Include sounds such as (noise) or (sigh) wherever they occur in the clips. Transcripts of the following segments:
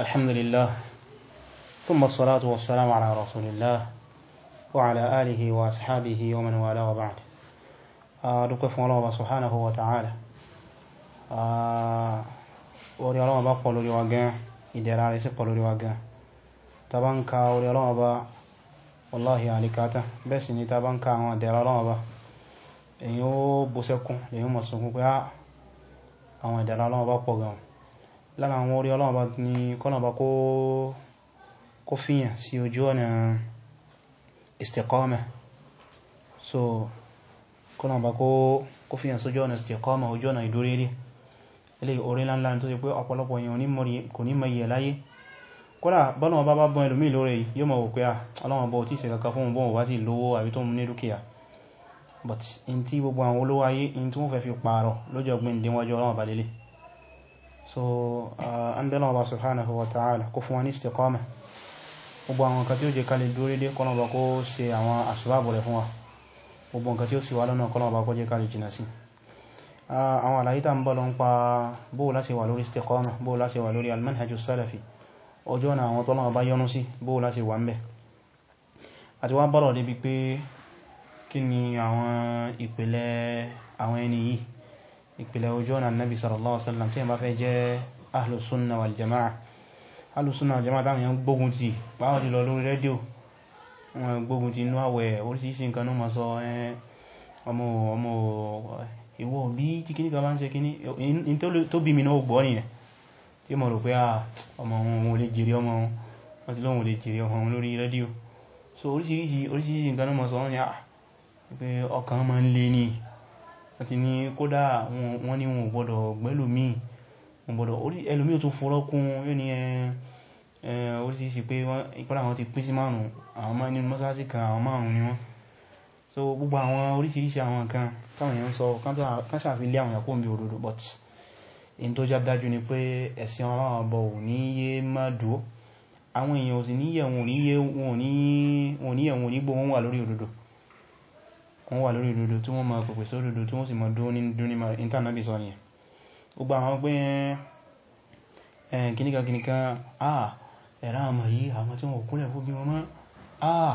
الحمد لله ثم الصلاة والسلام على رسول الله وعلى آله وأصحابه ومن والاه وبعد أدوك فون الله سبحانه وتعالى orí ọlọ́wọ́ bá pọ̀ lórí wa gan ìdẹ̀ra rẹ̀ sí pọ̀ lórí wa gan ta bá ń ka orí ọlọ́wọ́ bá wallahi àríkátá bẹ́ẹ̀ sì ni ta bá ń lára àwọn orí Ọlọ́run bá ní kọ́lọ̀bá kó fíyàn sí ojú ọ̀nà istiqama so kọ́lọ̀bá kó fíyàn sí ojú ọ̀nà istiqama ojú ọ̀nà ìdórérí ilé orí láńlá tó ti pé ọ̀pọ̀lọpọ̀ èèyàn kò ní mọ̀yẹ̀ láyé kọ́lá bọ́lọ̀wọ́ bá bá bọ́n ẹlòmí lórí yóò mọ̀ wò pé ah, Ọlọ́run bọ́ but in tí gbogbo àwọn olówó ayé in tí wọ́n fẹ́ so uh, an bẹ́lá ọba subhanahu wa ta'ala kó fún wa ní istiqama gbogbo àwọn nǹkan tí ó jẹ kalẹ̀ dúró dé kọ́nà ọba kó ṣe àwọn asbábù rẹ̀ fún wa gbogbo nǹkan tí ó sì wá lọ́nà kọ́nà ọba kó jẹ kalẹ̀ jìnà sí uh, àwọn àlàyé ń bọ́ lọ ń pa bóò láti wà lórí istiqama bóò láti wà lórí almanhajjú salafi ọjọ́ na àwọn tọ́lọ́ ọba yọ́nú sí bóò láti wà ń bẹ̀ àti wá bọ́rọ̀ débi pé kí ni àwọn ìpìlẹ̀ àwọn ẹni yìí ìpìlẹ̀ ojú ọ̀nà annabi sallallahu alaihi wasallam tí a bá fẹ́ jẹ́ ahlùsúnnà wal jama'a ahlùsúnnà wal jama'a táwọn èèyàn gbógun ti pàwọ́ ti lọ lórí rédíò wọn gbógun ti inú àwẹ̀ oríṣiríṣi nǹkan náà ma sọ ọmọ ọmọ ìwọ bí tí kíní kan bá ń ṣe kíní in tó bí mi náà gbọ́ nìyẹn tí mo rò pé ah, ọmọ òun lè jèrè ọmọ òun wọ́n ti wọ́n ti ní kódà wọ́n ní wọn gbọ́dọ̀ gbẹ́lù míì wọ́n gbọ́dọ̀ orí ẹlòmí ò tó fọ́rọ́kún yóò ní oríṣìíṣìí pé ìpọ́lá àwọn ti pín sí márùn-ún àwọn máa nínú mọ́sáàsì kan àwọn márùn-ún ni wọ́n so gbogbo àwọn oríṣìíṣìí àwọn nǹkan táwọn èèyàn sọ kánṣà fi ni pé ẹ̀sìn ọlọ́run ọbọ̀ ò ní yé má dúó àwọn èèyàn ò sì níyẹ̀ wọn wọ́n wà lórí òdodo tí wọ́n ma pẹ̀pẹ̀ sí òdodo tí wọ́n sì ma dúró ní dúnímà ìntànàbì sọ nìyẹn ó gba àwọn pé kìníkà kìníkà ah, ẹ̀rá àmà yìí àwọn tí wọ́n kúnlẹ̀ fún bí wọn mọ́ àà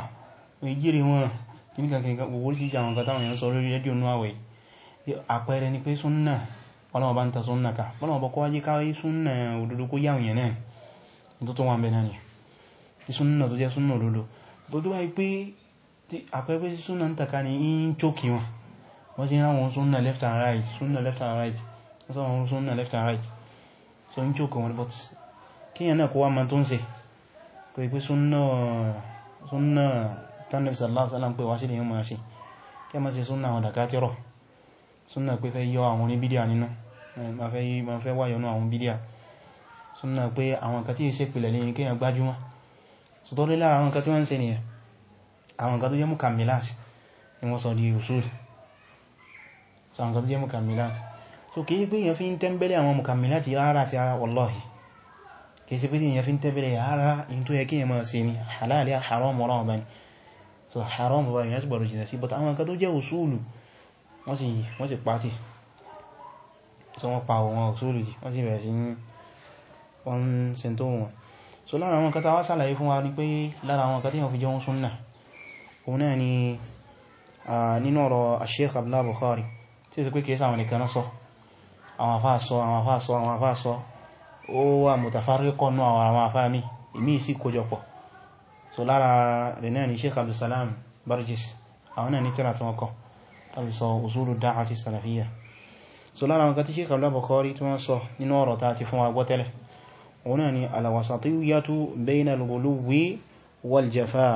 ìjírí wọn kìníkà kìníkà gbogbo sí àwọn ni pé súnnà ọlọ́wọ́ bá ń ta súnnà ká ọlọ́wọ́ bọ́ kọ́ wáyé káwé súnnà ni súnnà tó jẹ́ súnnà òdodo tó tó wáyé pé àpẹẹpẹ́ sí súnà ń tàkà ní yínyìn chókí wọn wọ́n sí ráwọn súnà left and right súnà left and right wọ́n sí ráwọn súnà left and right so ń chókí wọn but kíyàn náà kó wá ma tó ń ṣe kò ipé súnà tánàbí sallallahu alaihi wasallam pé wá sí lè yíò máa ṣe kí a máa ṣe súnà àwọn dàkátírọ̀ súnà pé fẹ́ yọ àwọn oníbídíà nínú ma fẹ́ wáyọ̀ náà àwọn bídíà súnà pé àwọn nǹkan tí ìṣẹ́pìlẹ̀ lẹ́yìn kíyàn gbájúmọ́ sọtọ́lẹ́lára àwọn nǹkan tí wọ́n ń ṣe nìyàn àwọn nǹkan tó jẹ́ mukammilat ni wọ́n sọ di usul so àwọn nǹkan tó jẹ́ mukammilat so kìí pé èyàn fi ń tẹ́mbẹ̀lẹ̀ àwọn mukammilat rárá ti ara wallahi kìí sí pé èyàn fi ń tẹ́mbẹ̀lẹ̀ rárá in tó yẹ kí èyàn máa ṣe ni halal ya haram ọ̀rọ̀ so haram ọ̀bẹ̀ èyàn sì gbọdọ̀ jìnà sí usulu wọ́n sì pàtì so wọ́n pa usulu jì wọ́n sì bẹ̀rẹ̀ sí wọ́n se lára àwọn nǹkan wa ni pé lára àwọn nǹkan tí wọ́n fi jẹun súnnà òun náà ni nínú ọ̀rọ̀ Sheikh Abdullah Bukhari tí ó sì pé kìí sáwọn nìkan sọ àwọn afá sọ àwọn afá sọ àwọn afá sọ ó wà mutafarriqun nú àwọn afá mi ìmí sí kójọpọ̀ so lára rẹ̀ náà ni Sheikh Abdulsalam Barjis àwọn náà ní tírà tí wọ́n kọ tàbí sọ usulu da'ati salafiyya so lára wọn kàtí Sheikh Abdullah Bukhari tí wọ́n sọ nínú ọ̀rọ̀ ta ti fún wa gbọ́ tẹ́lẹ̀ òun náà ni al-wasatiyyatu bayna al wal-jafaa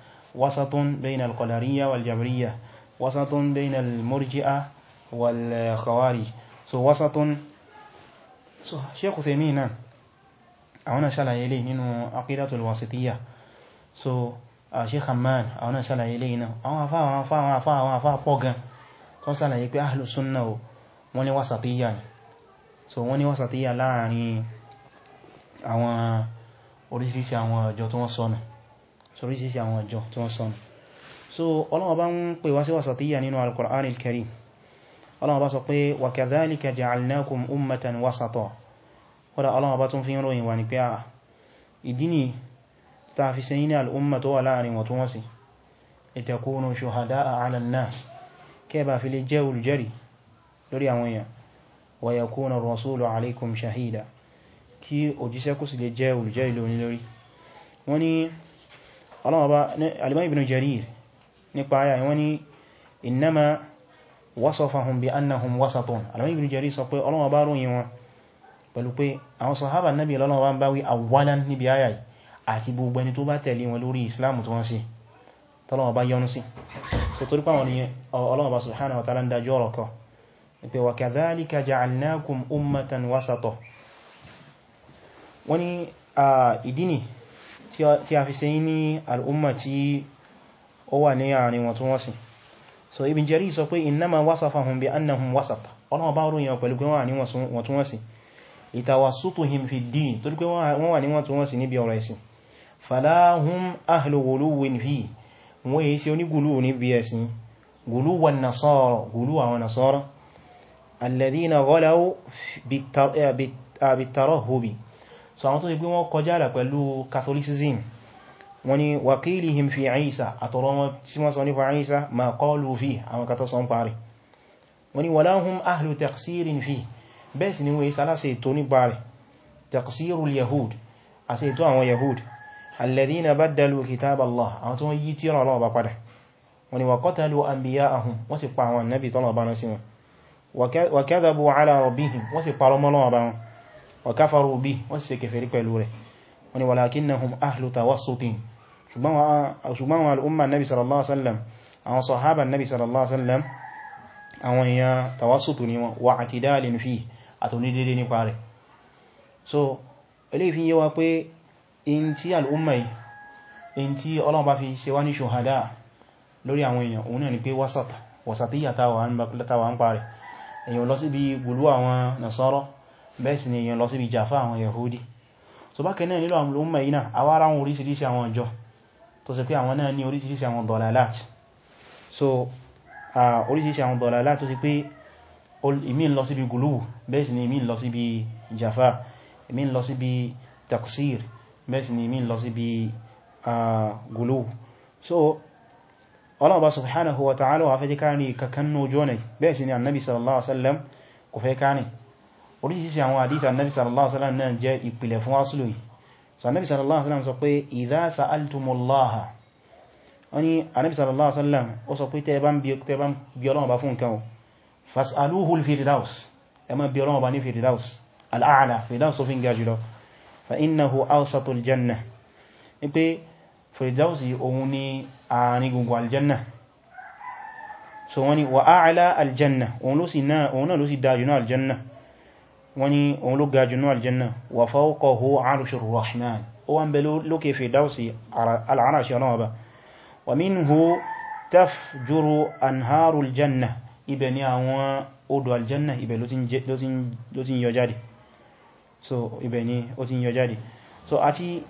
وسط بين القدرية والجبرية وسط بين المرجئة والخوارج so وسط so Shaykh Uthaymeen náà àwọn náà ṣàlàyé lè nínú Aqidatul Wasitiyya so Shaykh Hamman àwọn náà ṣàlàyé lè náà àwọn afá àwọn afá àwọn afá àwọn afá pọ̀ gan tó ṣàlàyé pé Ahlu Sunnah o wọ́n ní wasatiyya ni so wọ́n ní wasatiyya láàrin àwọn oríṣiríṣi àwọn ọjọ́ tó wọ́n sọ́nà soríṣiṣi àwọn ìjọ tí wọ́n sọnù so Ọlọ́run bá ń pè wá sí wasatiyya nínú al-Qur'an al-Karim Ọlọ́run bá sọ pé wa kadhalika ja'alnakum ummatan wasata kódà Ọlọ́run bá tún fi ń ròyìn wà ní pé ah, a ìdí ni ta fi sẹ́yìn ní al'umma tó wà láàrin wọ̀tún sí wọ́n ni ọlọ́wọ́ bá alimọ́ ibn jarir nípa ayà wọ́n ni innama wasafahum bi annahum wasatun alimọ́ ibn jarir sọ pé ọlọ́wọ́ bá ròyìn wọn pẹ̀lú pé àwọn sọ̀hábà nábi ọlọ́wọ́ bá ń bá wí awwalan níbi ayà àti gbogbo ẹni tó bá tẹ̀lé wọn lórí islam tó wọ́n sí tọ́lọ́wọ́ bá wọ́n ni ìdí ni tí a fi ṣe ní al'umma tí ó wà ní àárín wọn tó wọ́n sí so Ibn Jarir sọ pé innama wasafahum bi annahum wasata ọlọ́wọ́ bá ròyìn pẹ̀lú pé wọ́n ní wọ́n tó wọ́n sí litawassutuhum fi ddin torí pé wọ́n wà ní wọ́n tó wọ́n sí níbi ọ̀rọ̀ ẹ̀sìn falahum ahlu ghuluwin fi wọ́n yìí ṣe onígùlú níbi ẹ̀sìn gùlú wọn nasara gùlú àwọn nasara alladhina ghalaw bitarahhubi so àwọn tó yí pé wọ́n kọjá àlà pẹ̀lú Catholicism wọ́n ni waqilihim fi Isa àtọ̀rọ̀ wọn tí wọ́n sọ nípa Isa ma qalu fi àwọn katọ́ sọ ń parí wọ́n ni wala hum ahlu taqsirin fi bẹ́ẹ̀ sì ni wọ́n isa láti ètò nípa rẹ̀ taqsirul yahud àti ètò àwọn yahud alladhina baddalu kitab Allah àwọn tó wọ́n ni wa kafaru bi wọ́n sì ṣe kèfèrí pẹ̀lú rẹ̀ wọ́n ni walakinnahum ahlu tawassutin ṣùgbọ́n wọn al'umma nabi sallallahu alaihi wasallam àwọn sahaba nabi sallallahu alaihi àwọn èèyàn tawassutu ni wọn wa atidalin so eléyìí fi yé wa pé in tí al'umma yìí in tí Ọlọ́run bá fi ṣe wá ní ṣòhádá lórí àwọn èèyàn òun náà ni bẹ́ẹ̀ sì ni èyàn lọ síbi jàfá àwọn yahudi so bákan náà nílò àwọn olóòmọ̀ iná awára àwọn orísìírísìí àwọn ọjọ́ tó sì pé àwọn náà ní orísìírísìí àwọn dọ̀làlát so orísìírísìí àwọn dọ̀làlát tó sì pé ìmí ń lọ síbi gùlúù bẹ́ẹ̀ sì ni ìmí ń lọ síbi jàfá so ọlọ́ọ̀bá subhanahu wa ta'ala wa fẹ́ jẹ́ káàrin kankan ní ojú ọ̀nà bẹ́ẹ̀ sì ni annabi sallallahu alaihi wasallam kò fẹ́ káàrin oríṣiríṣi àwọn hadith annabi sallallahu alaihi wasallam náà jẹ́ ìpìlẹ̀ so annabi sallallahu alaihi wasallam sọ pé idha sa'altumullaha oni annabi sallallahu alaihi wasallam ó sọ pé tẹ́ bá ń bi tẹ́ bá ń bi Ọlọ́run bá fún nǹkan o fas'aluhu al-firdaus ẹ máa bi ohun ni àárín gungun aljanna so wọ́n ní aljanna òun ló sì náà ló sì dájú aljanna wọ́n ní òun ló ga jùnú aljanna wà fawqahu arṣin rahman ó wá ń bẹ lókè fi dáwọsí al'arashi ọlọ́wọ́ ba wa minhu tafjuru anharu aljanna ibẹ̀ ni àwọn odò aljanna ibẹ̀ ló ti ń yọ jáde so àti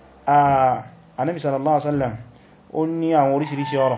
anabi sallallahu alaihi wasallam ó ní àwọn oríṣiríṣi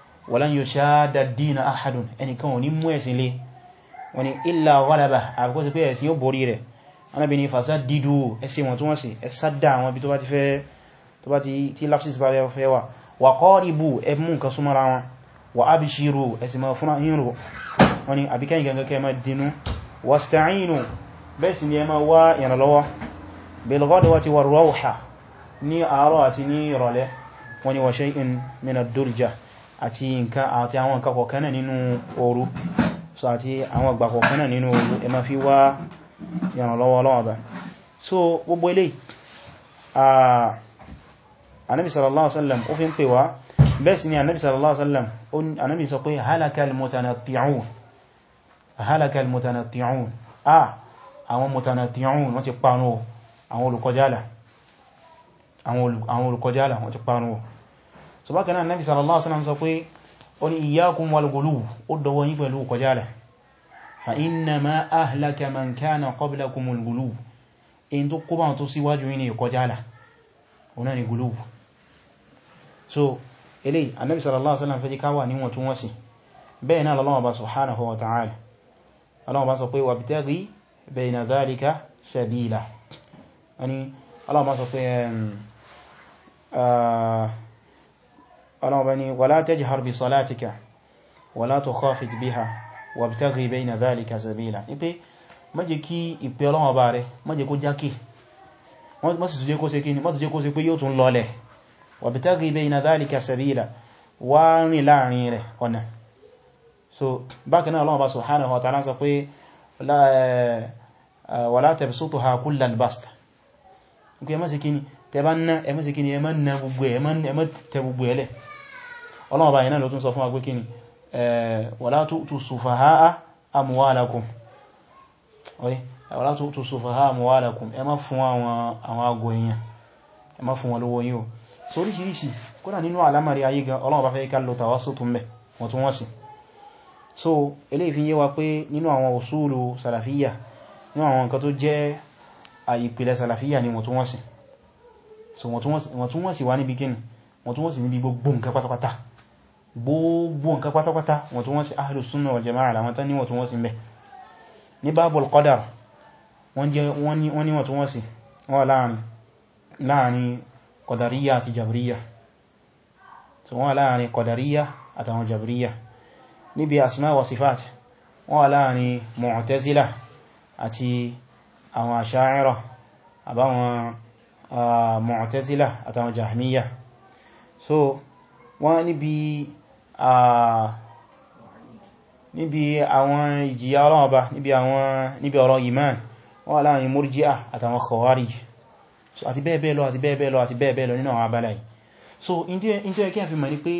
walan yushadda dina ahadun ẹnìkan ò ní mú ẹ̀sìn lé wọ́n ní illa ghalaba àbíkọ́ sí pé ẹ̀sìn yóò borí rẹ̀ anábìnrin fàṣà dídú ẹsẹ̀ wọn tí wọ́n sì ẹsádà àwọn ibi tó bá ti fẹ́ tó bá ti tí lapsis bá fẹ́ wà wà qaribu ẹmú nǹkan súnmọ́ra wọn wà abshiru ẹsìn máa fún ìrò wọ́n ní àbíkẹ́yìn ni wa shay'in min ad-durja àti nǹkan àti àwọn nǹkan kọ̀ọ̀kan náà nínú òru so àti àwọn ìgbà kọ̀ọ̀kan náà nínú òru ẹ ma fi wá ìrànlọ́wọ́ Ọlọ́run bá so gbogbo eléyìí anabi sallallahu alaihi wasallam ó fi ń pè wá bẹ́ẹ̀ sì ni anabi sallallahu alaihi wasallam anabi sọ pé halakal mutanatti'un halakal mutanatti'un ah àwọn mutanatti'un wọ́n ti parun àwọn olùkọjálà àwọn olùkọjálà wọ́n ti parun so bákan náà nabi sallallahu alaihi wasallam sọ pé ó ní iyyakum wal ghuluw ó dọwọ́ yín pẹ̀lú kọjálà fa innama ahlaka man kana qablakumul ghuluw in tó kó bá tó síwájú yín ní kọjálà ọ̀nà ni ghuluw so eléyìí annabi sallallahu alaihi wasallam fẹ́ ká wà níwọ̀n tún wọ́sí bẹ́ẹ̀ náà lọ́wọ́ bá subhanahu wa ta'ala ọlọ́wọ́ bá sọ pé wabtaghi bayna dhalika sabila wani ọlọ́wọ́ bá sọ pé ọlọ́run bá ní wala tajhar bi salatika wala tukhafit biha wabtaghi bayna dhalika sabila ní pé má jẹ́ kí ìpè ọlọ́run bá rẹ má jẹ́ kó jákè má sì jẹ́ kó ṣe pé yóò tún lọlẹ̀ wabtaghi bayna dhalika sabila wá rìn láàrin rẹ̀ ọ̀nà so bákan náà ọlọ́run bá subhanahu wa ta'ala sọ pé eh, wala tabsutha kullal bast ẹmọ́ sí kíni tẹ bá ń ná ẹmọ́ ọlọ́wọ́ báyìí náà ló tún sọ fún wa pé kí ni wala tu'tu sufaha'a wala tu'tu sufaha'a amwalakum ẹ má fún àwọn agò èèyàn ẹ má fún wọn lówó yín o so oríṣiríṣi kódà nínú alámàrí ayé gan ọlọ́wọ́ bá fẹ́ ká lọ tawasutun mẹ́ wọ́n tún wọ́n sí so eléyìí fi yé wa pé nínú àwọn usulu salafiyya nínú àwọn nǹkan tó jẹ́ ìpìlẹ̀ salafiyya ni wọ́n tún wọ́n sí so wọ́n tún wọ́n sí wá níbi kíni wọ́n tún wọ́n sí níbi gbogbo gbogbo nǹkan pátápátá wọ́n tún wọ́n sí ahlus sunnah wal jama'ah àwọn tán ní wọ́n tún wọ́n sí mẹ́ ní babul qadar wọ́n ní wọ́n tún wọ́n sí wọ́n láàrin qadariyya àti jabriyya so wọ́n láàrin qadariyya àtàwọn jabriyya níbi asma wa sifat wọ́n láàrin mu'tazila àti àwọn asha'ira àbáwọn ah, mu'tazila àtàwọn jahmiyya so wọ́n níbi níbi àwọn ìjìyà ọlọ́wọ́ bá níbi ọ̀rọ̀ iman wọ́n wà láàrin murji'a àtàwọn khawarij àti bẹ́ẹ̀ bẹ́ẹ̀ lọ àti bẹ́ẹ̀ lọ àti bẹ́ẹ̀ lọ nínú àwọn abala so in tó yẹ kí a fi mọ̀ ní pé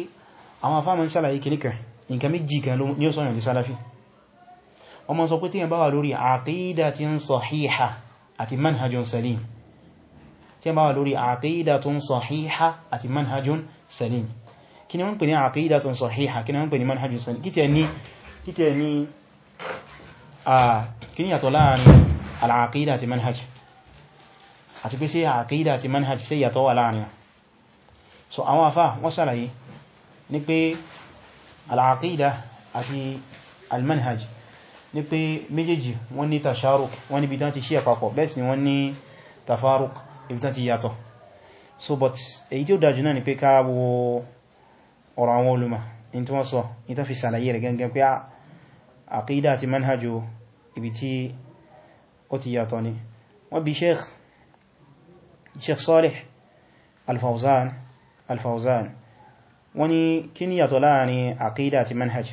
àwọn afáàmà ń sàlàyé kìníkàn nǹkan méjì kan ní ó sọ́yàn lè sálàfí ọmọ sọ pé tí yẹn bá wà lórí aqidatun sahiha àti manhajun salim tí yẹn wà lórí aqidatun sahiha àti manhajun salim kí ni wọ́n pè ní aqidatun sahiha kí ni wọ́n pè ní manhajun sani kí tẹ́ ní kí tẹ́ ní kí ni yàtọ̀ láàrin al'aqida àti manhaj àti pé sí àkídà àti manhaj sí yàtọ̀ wà láàrin so àwọn afá wọ́n sàlàyé ní pé al'aqida àti al-manhaj ní pé méjèèjì wọ́n ní tasharuk wọ́n ní bitan ti ṣí àpapọ̀ bẹ́ẹ̀ ni wọ́n ní tafaruk ibitan ti yàtọ̀ so but èyí tí ó dájú náà ni pé káàwó ọ̀rọ̀ àwọn olùmọ̀ in tí wọ́n sọ in tó fi sàlàyé rẹ̀ gẹ́gẹ́ pé àkídà àti manhajú ibi tí ó ti yàtọ̀ ni wọ́n bí sheikh sheikh Salih kí ni yàtọ̀ láàrin àkídà àti manhaj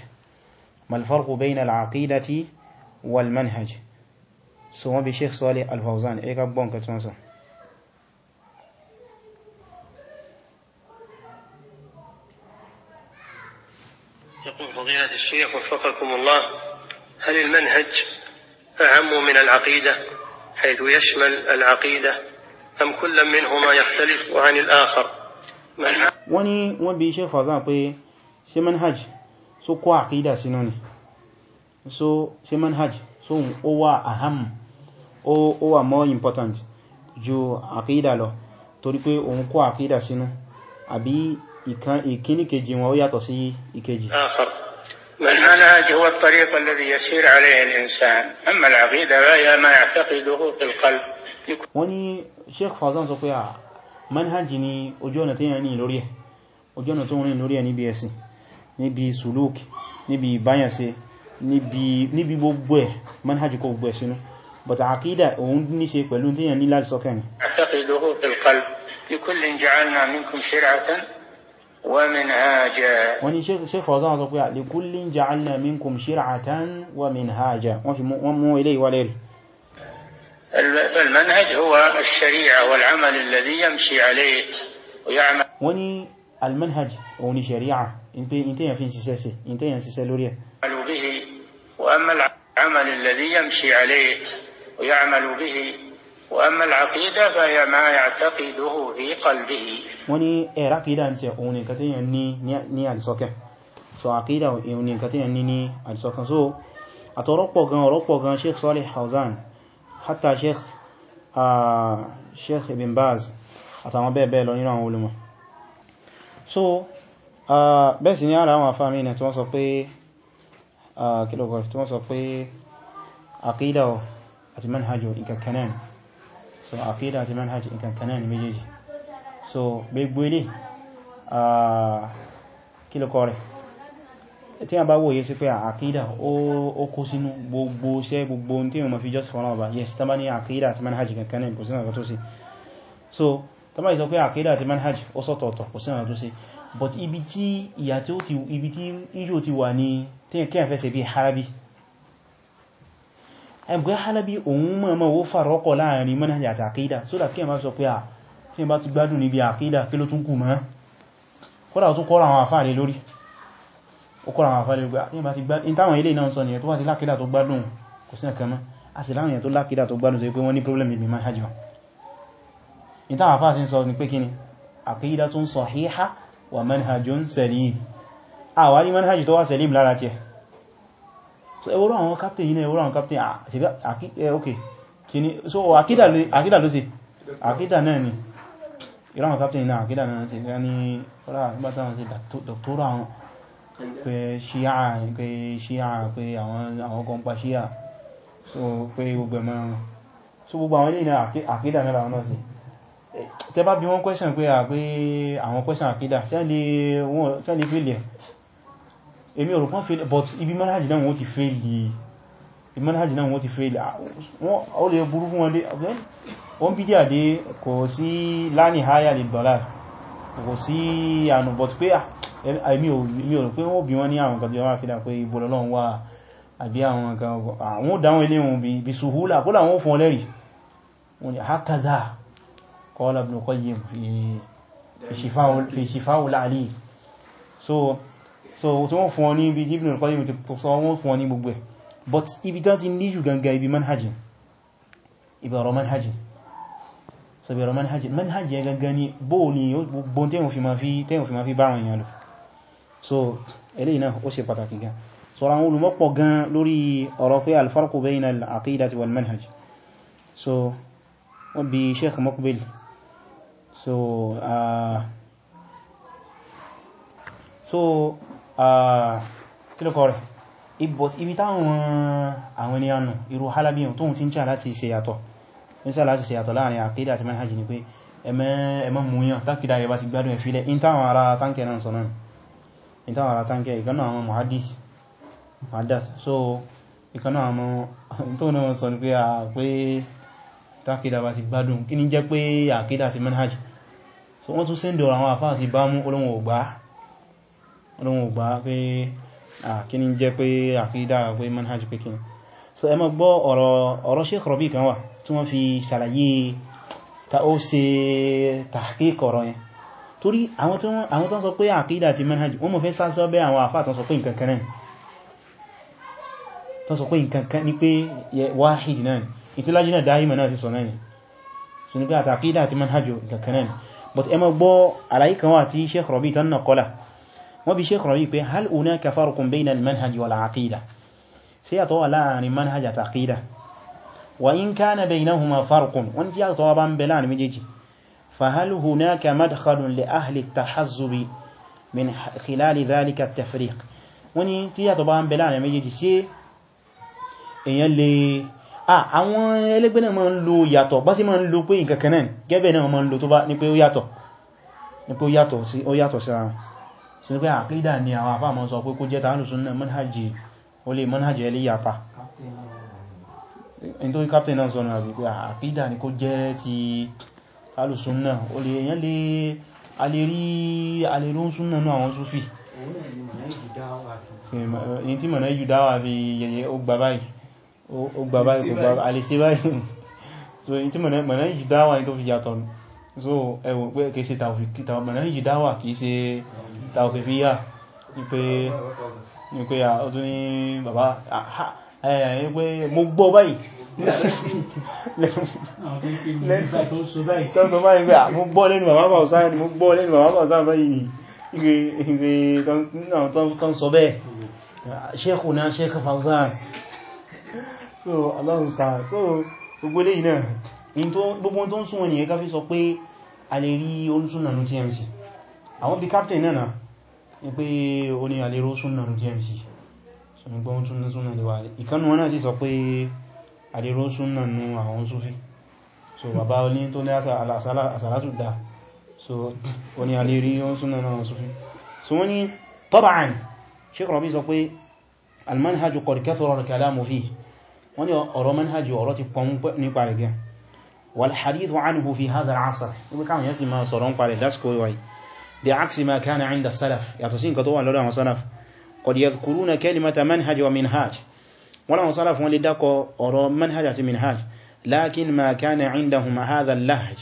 mal farqu bayna al-aqidati wal manhaj so wọ́n bí sheikh Salih al ẹ tí wọ́n sọ الشيخ وفقكم الله هل المنهج أعم من العقيدة حيث يشمل العقيدة أم كل منهما يختلف عن الآخر wọ́n ní wọ́n bí Sheikh Fawzan pé ṣe manhaj so kó àkídà sínú ni so ṣe manhaj so ó wà aham ó wà more important ju àkídà lọ torí pé òun kó àkídà sínú àbí ìkíníkejì wọn ó yàtọ̀ sí ìkejì والمنهج هو الطريق الذي يسير عليه الإنسان أما العقيدة فهي ما يعتقده في القلب وني شيخ فازان صوفيا منهجني وجونا تياني لوريه وجونا توني لوريه نبي أسي نبي سلوك نبي بايسي nibi nibi gbogbo ẹ manhaji kogbo ẹ sinu but akida ohun ni se pẹlu ti yan ni lati sọkẹni. a taqi dogo fil qalb bi kulli jacalna minkum shir'atan ومنهاجا شيخ شيخ فوزان صفو لكل جعلنا منكم شرعة ومن وفي مو إلي وليل المنهج هو الشريعة والعمل الذي يمشي عليه ويعمل وني المنهج وني شريعة انت في يا فين انت في سيسه لوريا به وأما العمل الذي يمشي عليه ويعمل به وأما العقيدة فهي ما يعتقده في قلبه وني عقيدة أنت أوني يعني ني ني على سوكة so عقيدة أوني كتير يعني ني على سوكة so أتربو جان ربو جان شيخ صالح حوزان حتى شيخ آه شيخ ابن باز àtàwọn bẹ́ẹ̀ bẹ́ẹ̀ lọ nínú àwọn olùmọ̀ so bẹ́ẹ̀ sì ní ara àwọn afáàmì náà tí wọ́n sọ pé kílọ̀gọ̀ tí wọ́n sọ pé àkídà àti manhajo so àkídà àti manhaj ìkankaná ní méjèèjì so gbogbo ilé kílùkọ rẹ̀ tí a bá wòye sí pé àkídà ó kó sínú gbogbo iṣẹ́ gbogbo tí wọ́n ma fi just fọ́nà ọba yes tàbá ní àkídà àti manhaj ìkankaná kò sí ọ̀tọ̀ sí so tàbá ìsọ pé àkídà àti manhaj ó sọ̀tọ̀ọ̀tọ̀ kò sí ọ̀tọ̀ sí but ibi tí ìyà tí ó ti ibi tí ìjò ti wà ní tí ẹ̀kẹ́ àfẹ́sẹ̀ bí harabi ẹgbẹ́ halabi òun mọ̀mọ̀ ó fàrọ́kọ̀ láàrin manhaj àti àkídà so that kí ẹ má sọ pé à tí ẹ bá ti gbádùn níbi àkídà kí ló tún kù mọ́ kódà tó kọ́ra àwọn àfáà lè lórí ó kọ́ra àwọn àfáà lè lórí ní bá ti gbádùn ìtàwọn ilé náà sọ nìyẹn tó wá sí lákídà tó gbádùn kò sí ẹ̀kan mọ́ a sì láwọn èèyàn tó lákídà ẹwọ́rọ̀ àwọn captain yìí ẹwọ́rọ̀ àwọn captain okay kìíní so àkídà ló sí àkídà náà ni ìráwọn captain náà àkídà náà sí ya ní ọ̀rá nígbàtàwọn sí dọ̀tọ́rọ̀ àwọn pé ṣíyà pé ṣíyà pé àwọn gọmpa ṣíyà so pé gbogbo ẹ̀mọ́ so gbogbo àwọn ilé náà àkídà náà làwọn náà sí eh, tẹ́ bá bí wọ́n question pé ah, àwọn question àkídà sẹ́lẹ̀ fílẹ̀ èmi ò rò pọ́n fail but ibi manhaj náà wọ́n ti fail ibi manhaj náà wọ́n ti fail ah, wọ́n ó lè burú fún wọn dé wọ́n bí díà dé kò sí láni haya lè dọ̀lá kò sí ànù but pé àmì ah, ò rò pé wọ́n bí wọ́n ní àwọn kan bí wọ́n àfidà pé ìbòlọ́lọ́ wà àbí àwọn kan àwọn dáwọn ilé wọn bí suhula kó làwọn ò fún ọlẹ́rì wọn ni hakadha qala Ibn Qayyim fi Shifa'ul 'Aliy so so tí wọ́n fún ọ ní ibi tí Ibn al-Qayyim ti sọ wọ́n fún ọ ní gbogbo but ibi tán ti ní jù gangan ibi manhajin ibi ọ̀rọ̀ manhajin so ibi ọ̀rọ̀ manhajin manhajin ya gangan ni bó ni gbogbo tẹ́yìn fi ma fi bá àwọn èèyàn lò so eléyìí náà ó ṣe pàtàkì gan so ra wọn olùmọ́pọ̀ gan lórí ọ̀rọ̀ pé al-farqu bayna al-aqidati wal manhaj so wọ́n bi Sheikh Muqbil so uh, so kílùkọ́ rẹ̀ ibi táwọn àwọn ènìyàn nù irú halabiyan tóhun tí ń chà láti ṣe yàtọ̀ ń sá láti ṣe yàtọ̀ láàrin àkídà àti manhajì ni pé ẹmọ́ múyàn tákìdá rẹ̀ bá ti gbádùn ẹ̀fílẹ̀ in táwọn ará tánkẹ̀ náà sọ náà in táwọn ará tánkẹ̀ ìkanná àwọn muhaddith muhaddas so ìkanná àwọn tóhun náà sọ ni pé a pé tákìdá bá ti gbádùn kí ní jẹ́ pé àkídà àti manhajì so wọ́n tún sẹ́ndọ̀ àwọn àfáà sí bá mú olóhun ògbà olóhun ògbà pé àkíní jẹ́ pé àkídà pé manhaj pé so ẹ mọ́ gbọ́ ọ̀rọ̀ Sheikh Rabi kan wà tí wọ́n fi ṣàlàyé ta ó ṣe tahqiq ọ̀rọ̀ yẹn torí àwọn tán sọ pé àkídà ti manhaj wọ́n mọ̀ fẹ́ sásọ́ bẹ́ àwọn àfáà tán sọ pé nǹkan kan náà tán sọ pé but ẹ mọ́ gbọ́ àlàyé kan wà tí Sheikh Rabi tán nà kọ́lá wọ́n bí Sheikh Rabi pé hal hunaka farqun bayna al-manhaj wal aqida sí yàtọ̀ wà láàrin manhaj àti aqida wa in kana baynahuma farqun wọ́n tí yàtọ̀ wà bá ń bẹ láàrin méjèèjì fa hal hunaka madkhalun li ahli at min khilali dhalika tafriq wọ́n tí yàtọ̀ bá ń bẹ láàrin méjèèjì sí èyàn lè àwọn ẹlẹ́gbẹ́ náà máa ń lo yàtọ̀ bá sí máa ń lo pé nǹkan náà gẹ́bẹ̀ náà máa ń lo tó bá ní pé ó yàtọ̀ sí ara so pé àkídà ni àwọn àfáàmọ́ sọ pé kó jẹ́ tàánù súnnà manhajì ó lè manhajì ẹlé yapa in tó captain náà sọ náà wípé àkídà ni kó jẹ́ ti tàánù súnnà ó lè èyàn lè alérí alérún súnnà náà àwọn súfì (laughs) so in tí mọ̀nà yìí dáwà ní tó fi yàtọ̀ so ẹwọ̀ pé kìí ṣe tàwọn mọ̀nà yìí dáwà kìí ṣe tàwọ̀fẹ́fíyà ní pé ọdún ní bàbá ẹ̀yẹ̀ pé mo gbọ́ báyìí mo gbọ́ lẹ́nu bàbá bàbá mo gbọ́ lẹ́nu bàbá bàbá báyìí ni ìgbé tán sọ bẹ́ẹ̀ ṣẹ́kù náà ṣẹ́kù Fawzan so Allahu star so gbogbo lẹ́yìn náà gbogbo tó ń sún wọn nìyẹn ká fi sọ pé a lè rí oníṣúnà ní tmc àwọn bí captain náà ní pé ó ní àlérò súnà GMC so ní gbọ́n súnà súnà lè wà ìkánu wọn náà sì sọ pé àlérò súnà nú àwọn súfí so bàbá oní tó ní àsàlátù dá so ó ní àlérí ó súnà náà súfí so wọ́n ní tọ́bàán Sheikh Rabi sọ pé almanhajù qad kathura al-kalamu fihi wọ́n ní ọ̀rọ̀ manhajù ọ̀rọ̀ ti pọ̀ nípa rẹ̀ gan wal hadithu anhu fi hadha al-asr ibi káwọn yẹ́ sì máa sọ̀rọ̀ ń parẹ̀ lásìkò ìwáyìí بعكس ما كان عند السلف يعتسين كتوى لولا وصلف قد يذكرون كلمة منهج ومنهاج ولا وصلف ولدك أرى منهج منهاج لكن ما كان عندهم هذا اللهج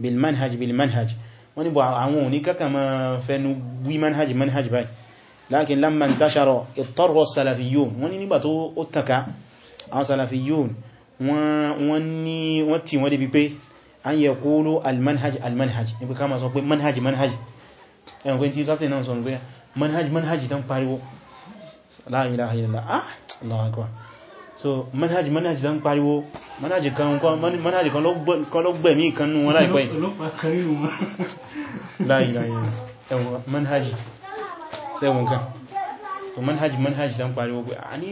بالمنهج بالمنهج ونبو عمونك كما فنبوي منهج منهج باي لكن لما انتشر اضطر السلفيون ونبو اتكا عن سلفيون وني واتي ودي بيبي أن يقولوا المنهج المنهج يبقى كما سوى منهج منهج ẹ̀wọ̀n pé tí láti náà sọ pé manhaj manhaj tán pariwo la ilaha illallah ah Allahu akbar so manhaj manhaj tán pariwo manhaj kan kọ́ ló gbẹ̀mí kan nú wọn láìpẹ́ la ilaha illallah ẹ̀wọ̀n manhaj sẹ́wọ̀n kan so manhaj manhaj tán pariwo pé a ní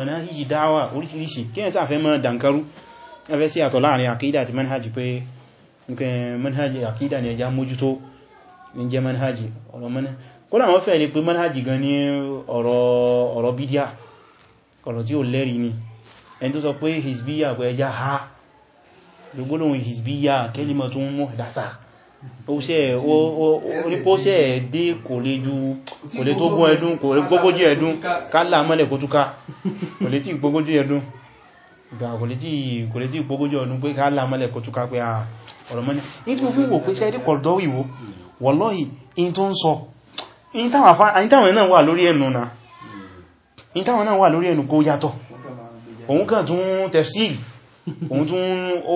manhaj dáwà oríṣiríṣi kí ẹ̀ sáfẹ́ mọ́ dankaru ẹfẹ́ sí àtọ̀ láàrin àkídà àti manhaj pé manhaj àkídà ni ẹja mójútó ní jẹ́ manhaji ọ̀rọ̀ mọ́ná kó láwọn fẹ́ lè pé manhaji gan ní ọ̀rọ̀ bídíà ọ̀rọ̀ tí ó lẹ́rí ni ẹni tó sọ pé hizbiya pé ẹjá ha gbogbolóhun hizbiya kalimatun muhdatha ó sẹ́ dé kò lè ju kò lè tó gún ẹdún kò lè gbogójì ẹdún kálà mọ́lẹ̀ kó túká kò lè tí gbogójì ẹdún gbà kò lè tí gbogójì ọdún ọ̀rọ̀mọ́ni nítorí wíwò pé sẹ́rí kọ̀dọ̀ ìwò wọ́lọ́yì in tó ń sọ in táwọn náà wà lórí ẹnu na in táwọn náà wà lórí ẹnu kó yàtọ̀ òun kàn tún tefsir òun tún ó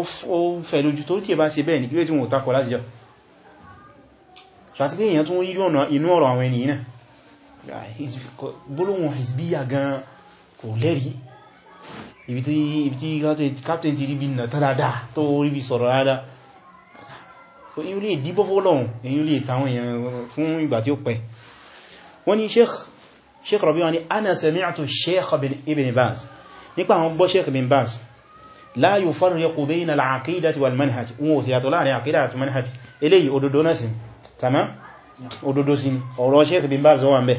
fẹ́ lójú tó tí ẹ bá ṣe bẹ́ẹ̀ ní kílé tí gbólóhùn hizbiyya gan kò lẹ́rìí ibi tí captain ti rí bí nà tàdádá tó rí bí sọ̀rọ̀ dáadáa so in lè díbọ́ fọ́lọ́un èyí lè tàwọn èèyàn fún ìgbà tí ó pẹ́ wọ́n ni sheikh rabi wani ana sami'tu sheikh ibn baz nípa àwọn gbọ́ sheikh ibn baz la yufarriqu bayna al-aqidati wal manhaj wọn ò sí yàtọ̀ láàrin àkídà àti manhaj eléyìí òdodo náà sí tamam òdodo sí ọ̀rọ̀ sheikh ibn baz wà mbẹ̀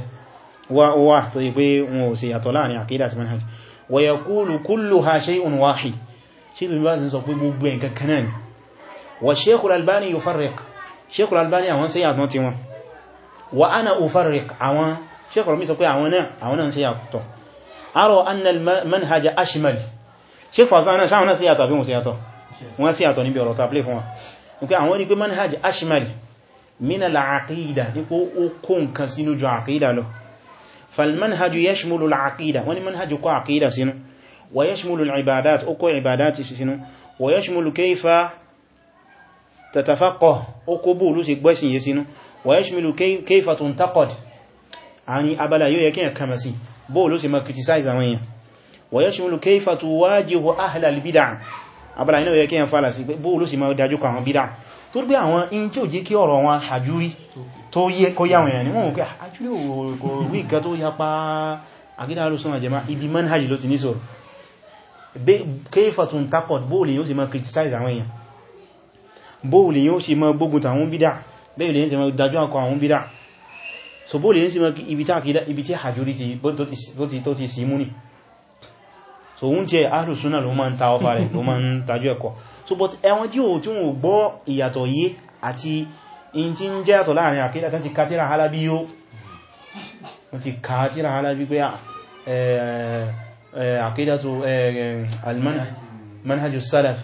wà والشيخ الألباني يفرق شيخ الألباني هو سيئة نوتيما وأنا أفرق عوان شيخ رمي سوكي عوانا عوانا سيئة نوتيما أرى أن المنهج أشمل شيخ فازانا شاونا سيئة بيوم سيئة وان سيئة نبي ورطا بلي فوا وكي عواني كي منهج أشمل من العقيدة نقول أكون كسينو جو عقيدة له فالمنهج يشمل العقيدة وان منهج كو عقيدة سينو ويشمل العبادات أكو عبادات سينو ويشمل كيف tatafaqqah ó kó bó ló ṣe gbẹ́sìn yé sínú wa yashmilu kayfa tuntaqad àní abala yóò yẹ kí ẹ̀kà mẹ́ sí bó ló ṣe ma criticize àwọn èèyàn wa yashmilu kayfa tuwajihu ahla al-bid'ah abala yóò yẹ kí ẹ̀ fàlà sí bó ló ṣe ma dájú kọ àwọn bídà tó gbé àwọn in tí ò jẹ́ kí ọ̀rọ̀ wọn àjúrí tó yẹ kó yàwọn èèyàn ni wọ́n wọ́n pé ah, tó yapa àgídà alùsùn àjẹmá ibi ma criticize àwọn èèyàn bóòlì yíó sì mọ́ gbógun tàwọn bídá bẹ́ẹ̀ lè ní sí mọ́ dájú àkọ àwọn bídá so bóòlì ní sí mọ́ ibi tí àjòrí tó ti sí múni so oun tí ẹ ahlu sunna ló ma ń ta ọfà rẹ̀ ló ma ń tajú ẹ̀kọ́ so but ẹwọn tí ó tí ó gbọ́ ìyàtọ̀ yé àti in tí ń jẹ́ yàtọ̀ láàrin àkídà tán ti ká tíra halabi yó wọ́n ti ká tíra halabi pé àkídà tó almanhajus salaf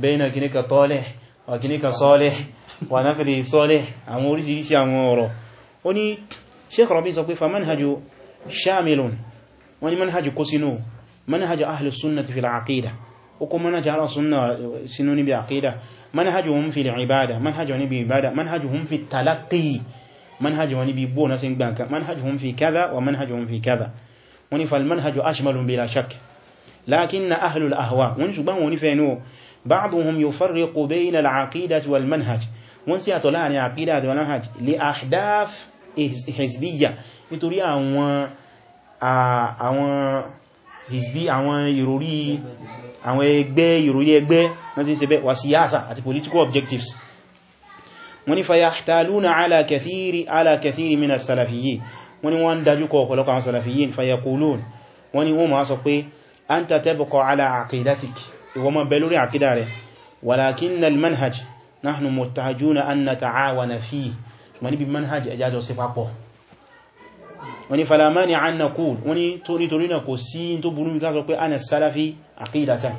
bayna kìníkà tọ́lẹ̀ wàkíníkà sọ́ọ̀lẹ̀ wà náfẹ́lẹ̀ sọ́ọ̀lẹ̀ àwọn orísìírísìí àwọn ọ̀rọ̀ ó ní Sheikh Rabi sọ pé fa manhajù shamilun wọ́n ni manhajù kó sínú manhajù ahli sunnati fil aqida ó kó manhajù sunna sínú níbi aqida manhajù hum fil ibada manhajù wọn níbi ibada manhajù hum fi talaqi manhajù wọn níbi bóna sin gbanka manhajù hum fi kaza wa manhajù hum fi ni manhajù ashmalun bila shak lakin ahlul ahwa wọ́n ni ṣùgbọ́n wọ́n ni fẹ́ بعضهم يفرق بين العقيدة والمنهج wọ́n sí àtọ̀ láàrin àkídà àti manhaj lè ahdaf hezbiya nítorí àwọn àwọn hezbi àwọn ìròrí àwọn ẹgbẹ́ ìròrí ẹgbẹ́ náà ti ń ṣe bẹ́ wà síyásà àti political objectives wọ́n ni fayahtaluna ala kathiri ala kathiri mina salafiyi wọ́n ni wọ́n dájúkọ ọ̀pọ̀lọpọ̀ àwọn salafiyin fayaqulun wọ́n ni ìwọ máa bẹ lórí àkídà rẹ̀ walakinna al-manhaj nahnu muttahijuna an nata'awana fihi ṣùgbọ́n níbi manhaj ẹjá jọ sí papọ̀ wọ́n ni fala mani an naqul wọ́n ni torítorí náà kò sí tó burú mi ká pé ana salafi aqidatan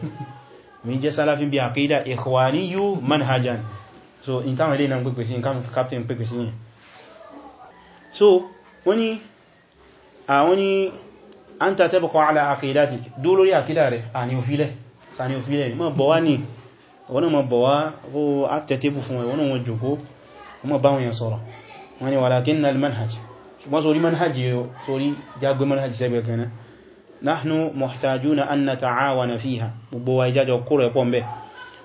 mi jẹ́ salafi bí aqida ikhwaniyu manhajan so in táwọn ilé náà pèpè sí nǹkan captain pèpè sí so wọ́n ni àwọn ah, ni anta tabqa ala aqidatik dúró lórí àkídà rẹ̀ à ní òfilẹ̀ sani òfilẹ̀ ní mọ́ bọ̀ wá ní wọ́n náà mọ́ bọ̀ wá ó àtẹ́tẹ́bù fún ẹ̀wọ́n náà wọ́n jòkó wọ́n mọ́ báwọn yẹn sọ̀rọ̀ wọ́n ni walakinna al-manhaj ṣùgbọ́n sórí manhaj yẹ sórí jágbé manhaj sẹ́gbẹ̀ kanáà nahnu muhtajuna an nata'awana fiha gbogbo wa ìjájọ kúrò ẹ̀pọ̀ mbẹ̀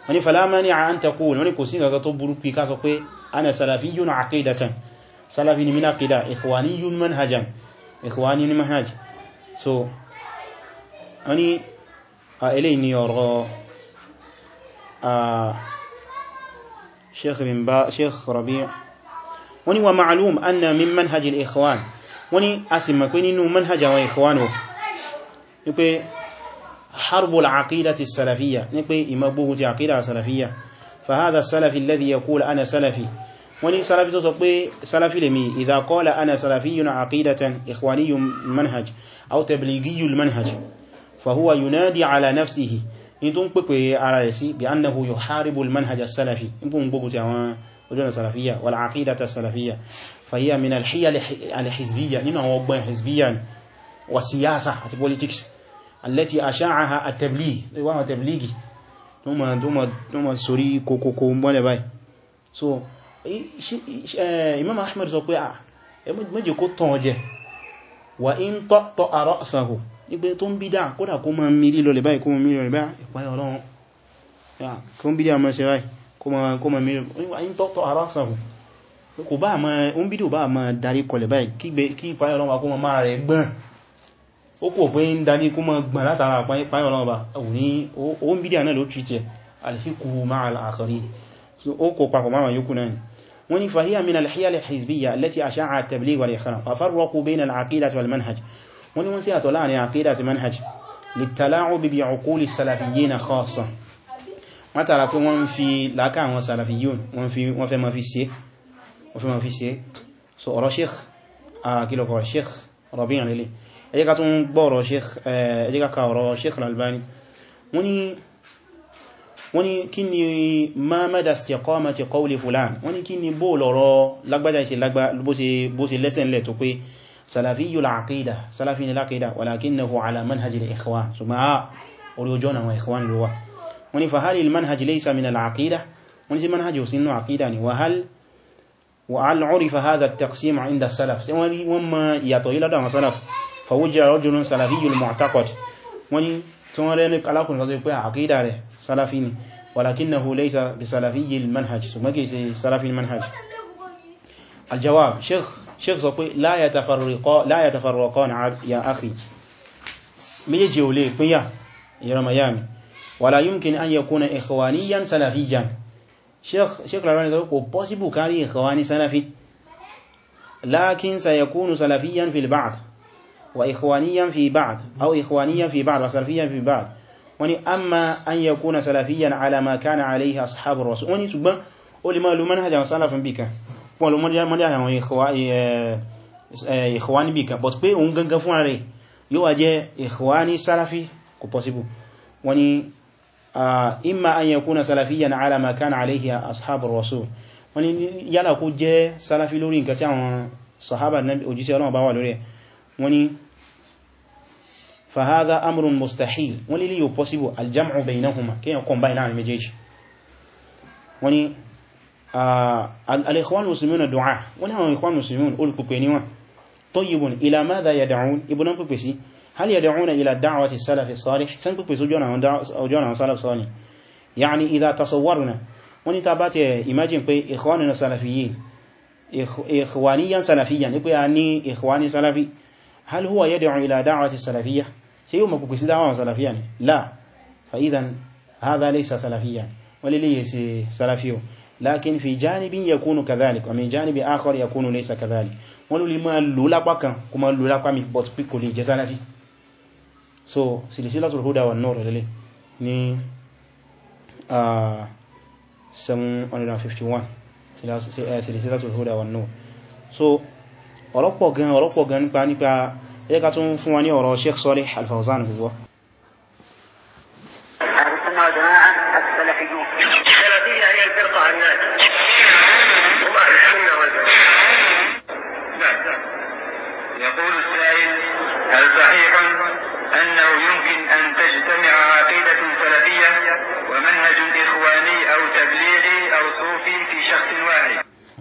wọ́n ni fala mani'a an taqul wọ́n ni kò sí nǹkan so wọ́n eléyìí ni ọ̀rọ̀ sheikh rabi' wọ́n ni wa ma'alum anna min manhaj al-ikhwan wọ́n ni a sì mọ̀ pé nínú manhaj àwọn ikhwan o ní pé harbul aqidati salafiyya ní pé ìmọ̀gbógun ti aqida salafiyya fa hadha salafi alladhi yaqulu ana salafi wọ́n ni salafi tó sọ pé salafi lè mi idha qala ana salafiyyun aqidatan ikhwaniyyun manhaj aw tabligiyyul manhaj فهو ينادي على نفسه انتم بقي على رسي بأنه يحارب المنهج السلفي انتم بقيت عن وجود السلفية والعقيدة السلفية فهي من الحية الحزبية لما هو بين حزبيا والسياسة والبوليتيكس التي أشاعها التبليغ إيه وما تبليغي ثم ثم ثم سوري كوكو كوم ولا باي سو إيه، آه، امام احمد زوقي ا إيه، ما جي كو تونجه وان طط راسه wípé tó ń bídá kódà kó ma mírí lọ lè báyìí kó ma mírí lọ lè báyìí ìpáyà ọlọ́run kó ń bídá mọ́ ṣe báyìí kó ma mírí in tọ́tọ̀ ara sàrù kò bá ma ń bídí ò bá ma darí kọlẹ̀ báyìí kí ìpáyà ọlọ́run kó ma máa rẹ̀ gbọ́n ó kò pé ń darí kó ma gbọ́n látara ìpáyà ọlọ́run bá ó ń bídí àná ló tù tiẹ̀ alhiku ma'a al-akhirin ó kò papọ̀ máa yókù náà wọ́n ní wọ́n sí àtọ̀ láàrin àkídà àti manhaj littalá'ubi bi uquli salafiyina khassa wọ́n tààrà pé wọ́n fi láàká àwọn salafiyun wọ́n fẹ́ ma fi ṣe so ọ̀rọ̀ sheikh akílọ̀kọ̀ sheikh Rabi' lele ẹjẹ́ ká tún gbọ́ ọ̀rọ̀ sheikh ẹjẹ́ ká ka ọ̀rọ̀ sheikh Al-Albani wọ́n ní kí ni ma mada istiqamati qawli fulan wọ́n ní kí ni bó lọ́rọ̀ lágbájá ìṣe bó ṣe lẹ́sẹ̀ ńlẹ̀ tó pé سلفي العقيدة سلفي العقيدة ولكنه على منهج الإخوان ثم أريجونا آه، وإخوان الوا وني فهل المنهج ليس من العقيدة وني منهج وسن عقيدة وهل وعل عرف هذا التقسيم عند السلف وما يطيل دعم السلف فوجع رجل سلفي المعتقد وني تمرين كلاكم قد يبقى عقيدة سلفي ولكنه ليس بسلفي المنهج ثم كيسي سلفي المنهج الجواب شيخ sheik sọ pé la yatafarraqan ya akhi méjèèjì ò lè pínyà ìran miami wala yumkin an yakuna ikhwaniyan salafiyan sheik larani sọ kò possible kárí ikhwani salafi lakin sayakunu salafiyan fil ba'd wa ikhwaniyan fi ba'd aw ikhwaniyan fi ba'd wa salafiyan fi ba'd wani amma an yakuna salafiyan ala ma kana alayhi ashabu rasul wani ṣùgbọ́n ó lè máa lu manhajan salafin bika pọ́n lọ mọ́dí àwọn Ikhwani bí kan but pé òun gangan fún ààrẹ yóò wà jẹ́ Ikhwani Salafi kò possible wọ́n ni imma an yakuna salafiyyan ala ma kana alayhi ashabu rasul wọ́n ni yálà kó jẹ́ Salafi lórí nǹkan tí àwọn sahaba òjíṣẹ́ Ọlọ́run bá wà lórí wọ́n ni fahadha amrun mustahil wọ́n ni lè yóò al-ikhwan muslimuna du'a wọ́n ní àwọn ikhwan muslimuna olùpùpẹ̀ ní wọn tayyibun ila madha yad'un ibùdó pùpẹ̀ sí hal yad'una ila da'wati salafi salih tán pùpẹ̀ sí ojú ọ̀nà salaf salih ya'ni idha tasawwarna wọ́n ní ta bá tẹ imagine pé ikhwanuna salafiyyin ikhwaniyan salafiyyan ní pé a ní ikhwani salafi hal huwa yad'u ila da'wati salafiyya ṣé yóò mọ̀ pùpẹ̀ sí da'wati salafiyya ni la fa idhan hadha laysa salafiyyan wọ́n lè lè salafiyo lakin fi janibin yakunu kadhalik wa min janibin akhar yakunu laysa kadhalik wọ́n ló lè máa lò lápá kan kó máa lò but pé kò lè jẹ́ Salafi so silsilatul huda wan nur lele ní 751 silsilatul huda wan nur so ọ̀rọ̀pọ̀ gan ọ̀rọ̀pọ̀ gan nípa nípa ẹ̀yẹ́ká tún fún wa ní ọ̀rọ̀ Sheikh Salih Al gbogbo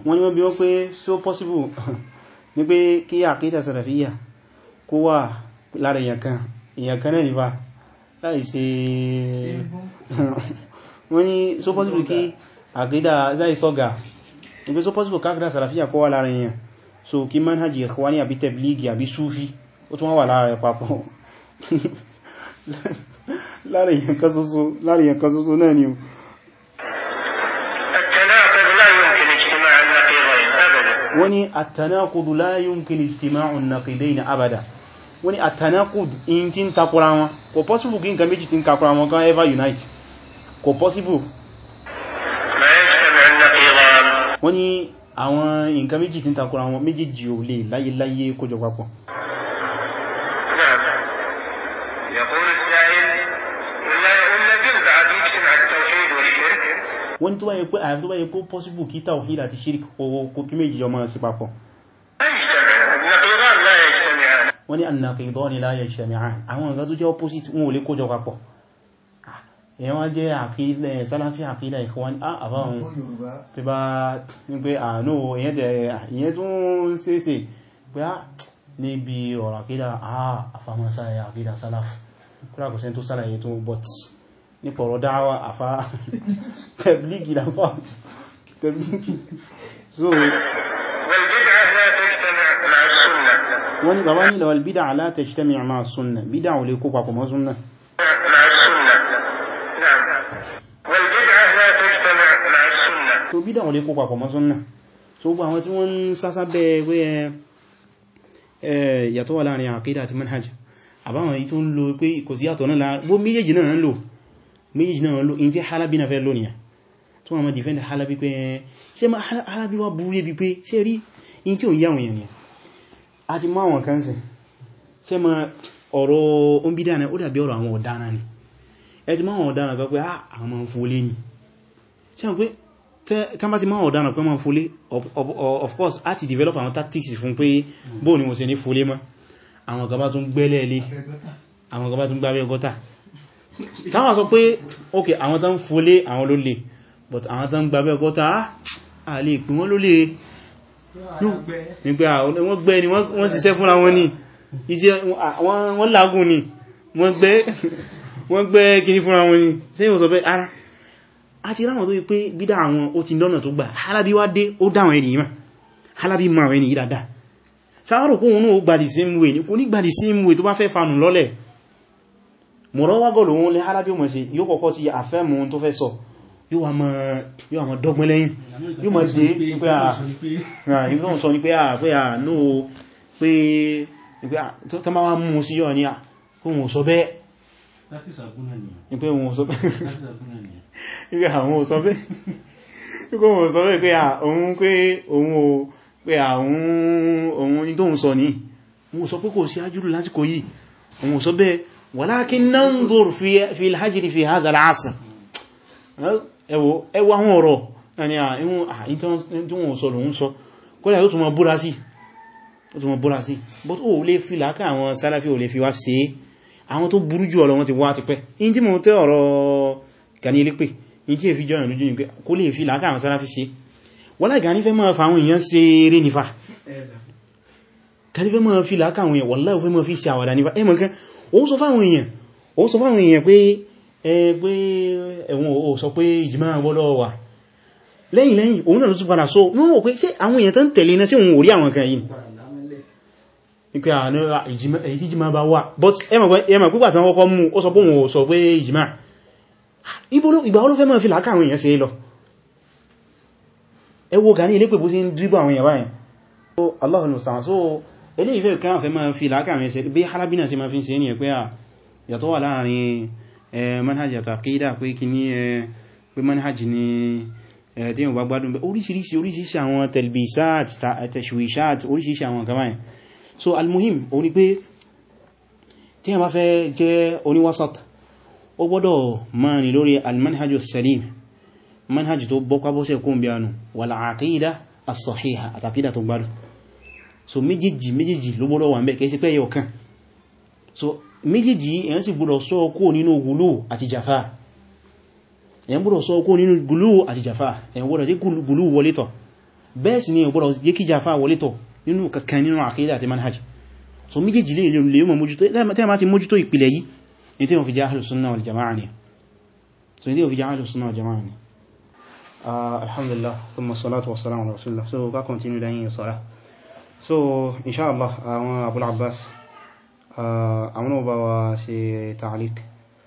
wọ́n ni wọ́n bí wọ́n pé so possible (laughs) ní pé kí àkídà sàràfíyà kó wà lára èyàn kan èyàn kan náà nípa láì ṣe (laughs) wọ́n ni so possible kí àkídà láì sọ́gà ní pé so possible káàkídà sàràfíyà kó wà lára èyàn so kí manhajì ikhwani àbí tẹ̀blígì àbí súfí ó tún wà lára ẹ̀ papọ̀ (laughs) lára èyàn kan ṣoṣo náà ni o Wani ni àtànákùdù la yumkin ijtima'u an-naqidayn abada Wani ni àtànákùdù in ti ń takura wọn kò possible kí nǹkan méjì ti ń kakura wọn kan ever unite kò possible wọ́n ni àwọn nǹkan méjì ti ń takura wọn méjì jì ò lè láyé láyé kójọ papọ̀ wọ́n tó báyẹ pé àyàfi tó báyẹ kó possible kí tawhid àti shirk kó kí méjì ọmọ sí papọ̀ wọ́n ní an-naqidani la yajtami'an àwọn nǹkan tó jẹ́ opposite wọn ò lè kójọ papọ̀ èyàn wá jẹ́ àkílẹ̀ sálàfí àkílẹ̀ ìkọwọ́n àbáhùn tí bá ní pé àánú èyàn jẹ́ ìyẹn tó ń ṣeéṣe pé á níbi ọ̀rọ̀ àkílẹ̀ àfàmọ́sáyà nípa ọ̀rọ̀ dáwà àfá tẹ̀blígì láfá tẹ̀blígì so wọ́n ni bàbá nílò albídà alátẹ̀ṣtẹ́mì àmà súnnà bídà ò lè kó papọ̀ mọ́ súnnà so bídà ò lè kó papọ̀ mọ́ súnnà so gbogbo àwọn tí wọ́n ń sásá bẹ́ pé ẹ yàtọ̀ wà láàrin àkídà àti manhaj àbáwọn èyí tó ń lo pé kò sí yàtọ̀ náà láàrin gbogbo méjèèjì náà ń lò méjì náà ló in tí halabi na fẹ́ lónìí tó wọ́n mọ́ defend halabi pé ṣe ma halabi wá burú yé bí pé ṣe rí in tí ò yáwọn èèyàn a ti máa wọn kánsìn ṣe ma ọ̀rọ̀ oúnbídà ó dàbí ọ̀rọ̀ àwọn ọ̀dára ni ẹ ti ah, máa wọn ọ̀dára pé àwọn ni ṣe pé tán bá ti máa ọ̀dára pé máa ń of course a develop àwọn tactics fún pé bóò ni mo ṣe ní fólé mọ́ àwọn kan bá tún gbẹ́lẹ̀ lé àwọn kan tún gbábẹ́ ọgọ́ta sáwọn sọ pé ok àwọn tán fólé àwọn ló lè but àwọn tán gbàbẹ́ ọgọ́ta à ah, lè pín wọ́n ló lè ní pé ah, wọ́n gbẹ́ ni wọ́n ṣiṣẹ́ fúnra wọn ní iṣẹ́ wọ́n lágùn ni wọ́n gbẹ́ (laughs) kìní fúnra wọn ní sẹ́yìn sọ pé ara àti ráwọn tó yí pé bídá àwọn ó ti lọ́nà tó gbà alábí wá dé ó dáwọn ẹni ìmá alábí ma àwọn ẹni ìdàdà sáàrùkú òun náà ó gbàdì sí ìmúwẹ̀ ní kò ní gbàdì sí ìmúwẹ̀ tó bá fẹ́ fanù lọ́lẹ̀ mọ̀rọ̀wágọ́ lòun lè Halabi mọ̀ sí yóò kọ́kọ́ ti àfẹ́mù tó fẹ́ sọ yóò wà dọ́gbọ́n lẹ́yìn yóò mọ̀ dé pé à ah, ìbọn sọ ní ah, ah, pé à pé à ní o pé tó máa wá mú sí yóò ní à pé (laughs) wọn sọ bẹ́ẹ̀ pé wọn sọ bẹ́ẹ̀ pé wọn sọ bẹ́ẹ̀ pé à òun pé òun o pé àwọn òun ní ولكن ننظر في في الهجر في هذا العصر ẹwọ ẹwọ àwọn ọ̀rọ̀ ẹni àyí tí wọ́n sọ lòun sọ kọ́lá yóò tún mọ́ búra sí ó tún mọ́ búra sí but ó lè fi láká àwọn sálàfí ò lè fi wá sí àwọn tó burú jù ọ̀rọ̀ wọn ti wá ti pẹ́ in tí mo tẹ́ ọ̀rọ̀ Gani Elepe in tí èfi jọyàn lójú nígbẹ́ kó lè fi láká àwọn sálàfí sí wọ́lá Gani fẹ́ máa fa àwọn èèyàn ó sọ fáwọn èèyàn ó sọ fáwọn èèyàn pé ẹgbẹ́ ẹ̀wọ̀n ó sọ pé ìjìmá gbọ́dọ̀ wà lẹ́yìn lẹ́yìn òun náà ló tún padà sọ wọ́n wọ́n pé ṣé àwọn èèyàn tó ń tẹ̀lé iná sí òun ò rí àwọn kan yìí a èyí tí ma bá wà but sọ pé ilé ìfẹ́ káà fẹ́ máa fi láàkàrin ṣe bí Halabi sí máa fi ṣe ní ẹ̀ pé à yàtọ̀ wà láàrin manhaj àtàkídà pé kí ní pé manhaj ni tí yíò bá gbádùn oríṣiríṣi oríṣiríṣi àwọn telbisat tashwishat oríṣiríṣi so almuhim ó ní pé tí yíò bá fẹ́ jẹ́ oníwásat ó gbọ́dọ̀ máa ní lórí almanhaj salim manhaj tó bọ́kwábọ́sẹ̀ kún bí anu wal so méjèèjì méjèèjì ló gbọ́dọ̀ wà ń bẹ̀ kẹ́ sí pé ẹyọ kan so méjèèjì èyàn sì gbọ́dọ̀ sọ kó nínú gùlù àti jàfà èyàn gbọ́dọ̀ sọ kó nínú gùlù àti jàfà èyàn gbọ́dọ̀ jẹ́ gùlù wọlé bẹ́ẹ̀ sì ni gbọ́dọ̀ jẹ́ kí jàfà wọlé nínú kankan nínú àkídà àti manhaj so méjèèjì lè lè mọ̀ mójútó tẹ́ ma ti mójútó ìpìlẹ̀ yìí ní tí wọ́n fi jẹ́ ahlus sunnah wal jama'a ni so ní tí wọ́n fi jẹ́ ahlus sunnah wal jama'a ni ah, alhamdulillah thumma salatu wa salamu ala rasulillah so ká continue lẹ́yìn sọ́rọ̀ so inshallah àwọn Abul Abbas uh, àwọn ọba wa ṣe ta'liq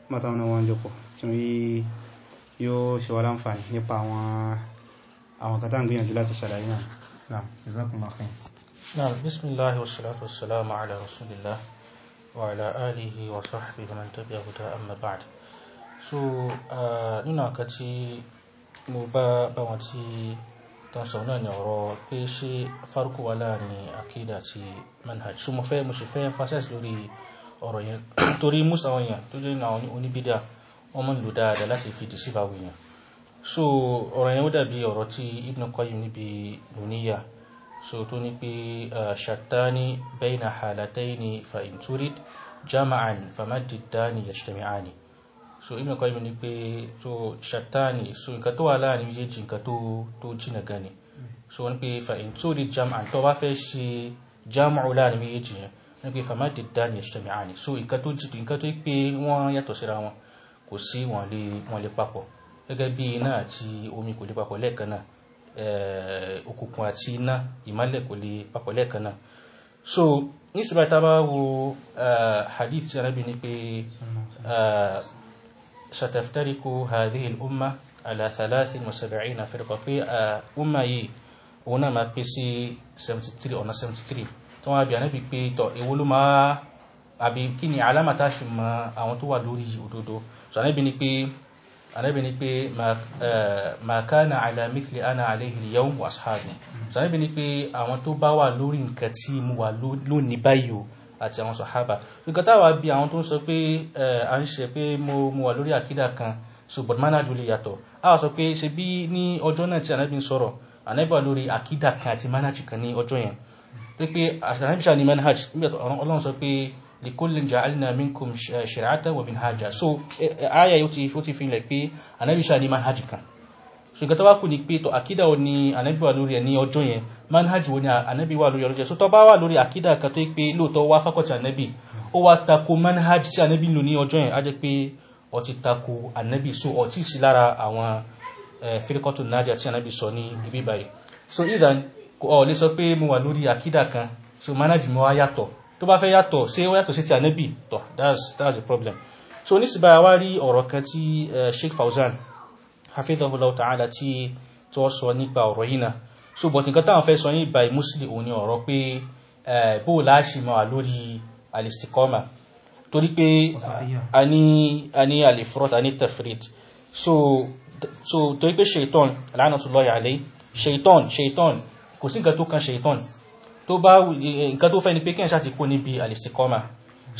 mátàwọn náà wọ́n jọpọ̀ tí wọ́n yóò ṣe wá láǹfààní nípa àwọn àwọn kátà ń gbìyànjú láti ṣàlàyé náà naam jazakumullahu khair naam bismillah wa salatu wa salam ala rasulillah so uh, nínú àkàtí mo bá tán sọ náà ni ọ̀rọ̀ pé ṣé fárúkú wà láàrin akídà àti manhaj ṣe mo fẹ́ mo sì fẹ́ emphasis lórí ọ̀rọ̀ yẹn (clears throat) torí musa àwọn èèyàn tó jẹ́ àwọn oníbídà wọ́n mọ̀ ń lò dáadáa láti fi dì sífà àwọn èèyàn so ọ̀rọ̀ yẹn ó dàbí ọ̀rọ̀ tí Ibn Qayyim níbi nùníyà so tó ní pé ṣàtání bayna fa in turid jama'an famadiddani yajtami'ani so Ibn Qayyim ni pé so ṣàtàní so nǹkan tó wà láàrin méjèèjì nǹkan tó jìnà gan ni so wọ́n pé fa in tó di jam àtọ́ bá fẹ́ ṣe jam'u láàrin méjèèjì yẹn wọ́n pé fa má di dání yajtami'ani so nǹkan tó jìtò nǹkan tó pé wọ́n yàtọ̀ síra wọn kò sí wọn lè papọ̀ gẹ́gẹ́ bí iná àti omi kò lè papọ̀ lẹ́ẹ̀kan náà òkùnkùn àti iná ìmálẹ̀ kò lè papọ̀ lẹ́ẹ̀kan náà so nísìbáyìí tá a bá wo hadith tí arábìnrin pé ستفترك هذه الأمة على ثلاث وسبعين فرقة في أمة يي ona ma pe sí 73 ọ̀nà 73 tó wọ́n bí ànábì pé tọ̀ èwo ló máa àbí kí ni alámàtà ṣe mọ àwọn tó wà lórí òdodo so ànábì ni pé ànábì ni pé ma kana ala mithli ana alayhi al-yawm wa ashabi so ànábì ni pé àwọn tó bá wà lórí nǹkan tí mo wà lónìí báyìí o àti àwọn sọ̀hábà nǹkan táwa bí àwọn tó ń sọ pé à ń ṣe pé mo mo wà lórí àkídà kan ṣùgbọ́n mánàjú lè yàtọ̀ a sọ pé ṣe bí ní ọjọ́ náà tí ànábì ń sọ̀rọ̀ ànábì lórí àkídà kan àti mánàjú kan ní ọjọ́ yẹn pé pé ànábì ṣàní manhaj nígbà tó ọlọ́run sọ pé likullin ja'alna minkum shir'atan wa minhaja so aya yóò ti fi ilẹ̀ pé ànábì ṣàní manhaj kan ṣùgbọ́n tó wá kù ní pé tó àkídà ò ní ànábì wà lórí ẹ̀ ní ọjọ́ yẹn manhaj wo ni ànábì wà lórí ọlọ́jọ́ tó bá wà lórí àkídà kan tó pé lóòótọ́ wá fákọ̀tì ànábì ó wá tako manhaj tí ànábì lò ní ọjọ́ yẹn á jẹ́ pé ó tako ànábì so ó ti sí lára àwọn firikọ́tù nájà tí ànábì sọ ní ibi báyìí so idan ó lè sọ pé mo wà lórí àkídà kan so manhaj mi wá yàtọ̀ tó bá fẹ́ yàtọ̀ ṣé ó yàtọ̀ sí ti ànábì tọ̀ that's that's the problem so nísìbáyà wá rí ọ̀rọ̀ kan tí Sheikh Fauzan hafidhahullahu ta'ala tí tó sọ nípa ọ̀rọ̀ yìí náà ṣùgbọ́n tí nǹkan táwọn fẹ́ sọ yìí báyìí muslim òní ọ̀rọ̀ pé bó láṣì mọ́ wà lórí alistikoma torí pé a ní alifrot a ní tefrit so torí pé shaitan la'natullahi alayhi shaitan shaitan kò sí nǹkan tó kan shaitan tó bá nǹkan tó fẹ́ ni pé kí n ṣáti kó níbi alistikoma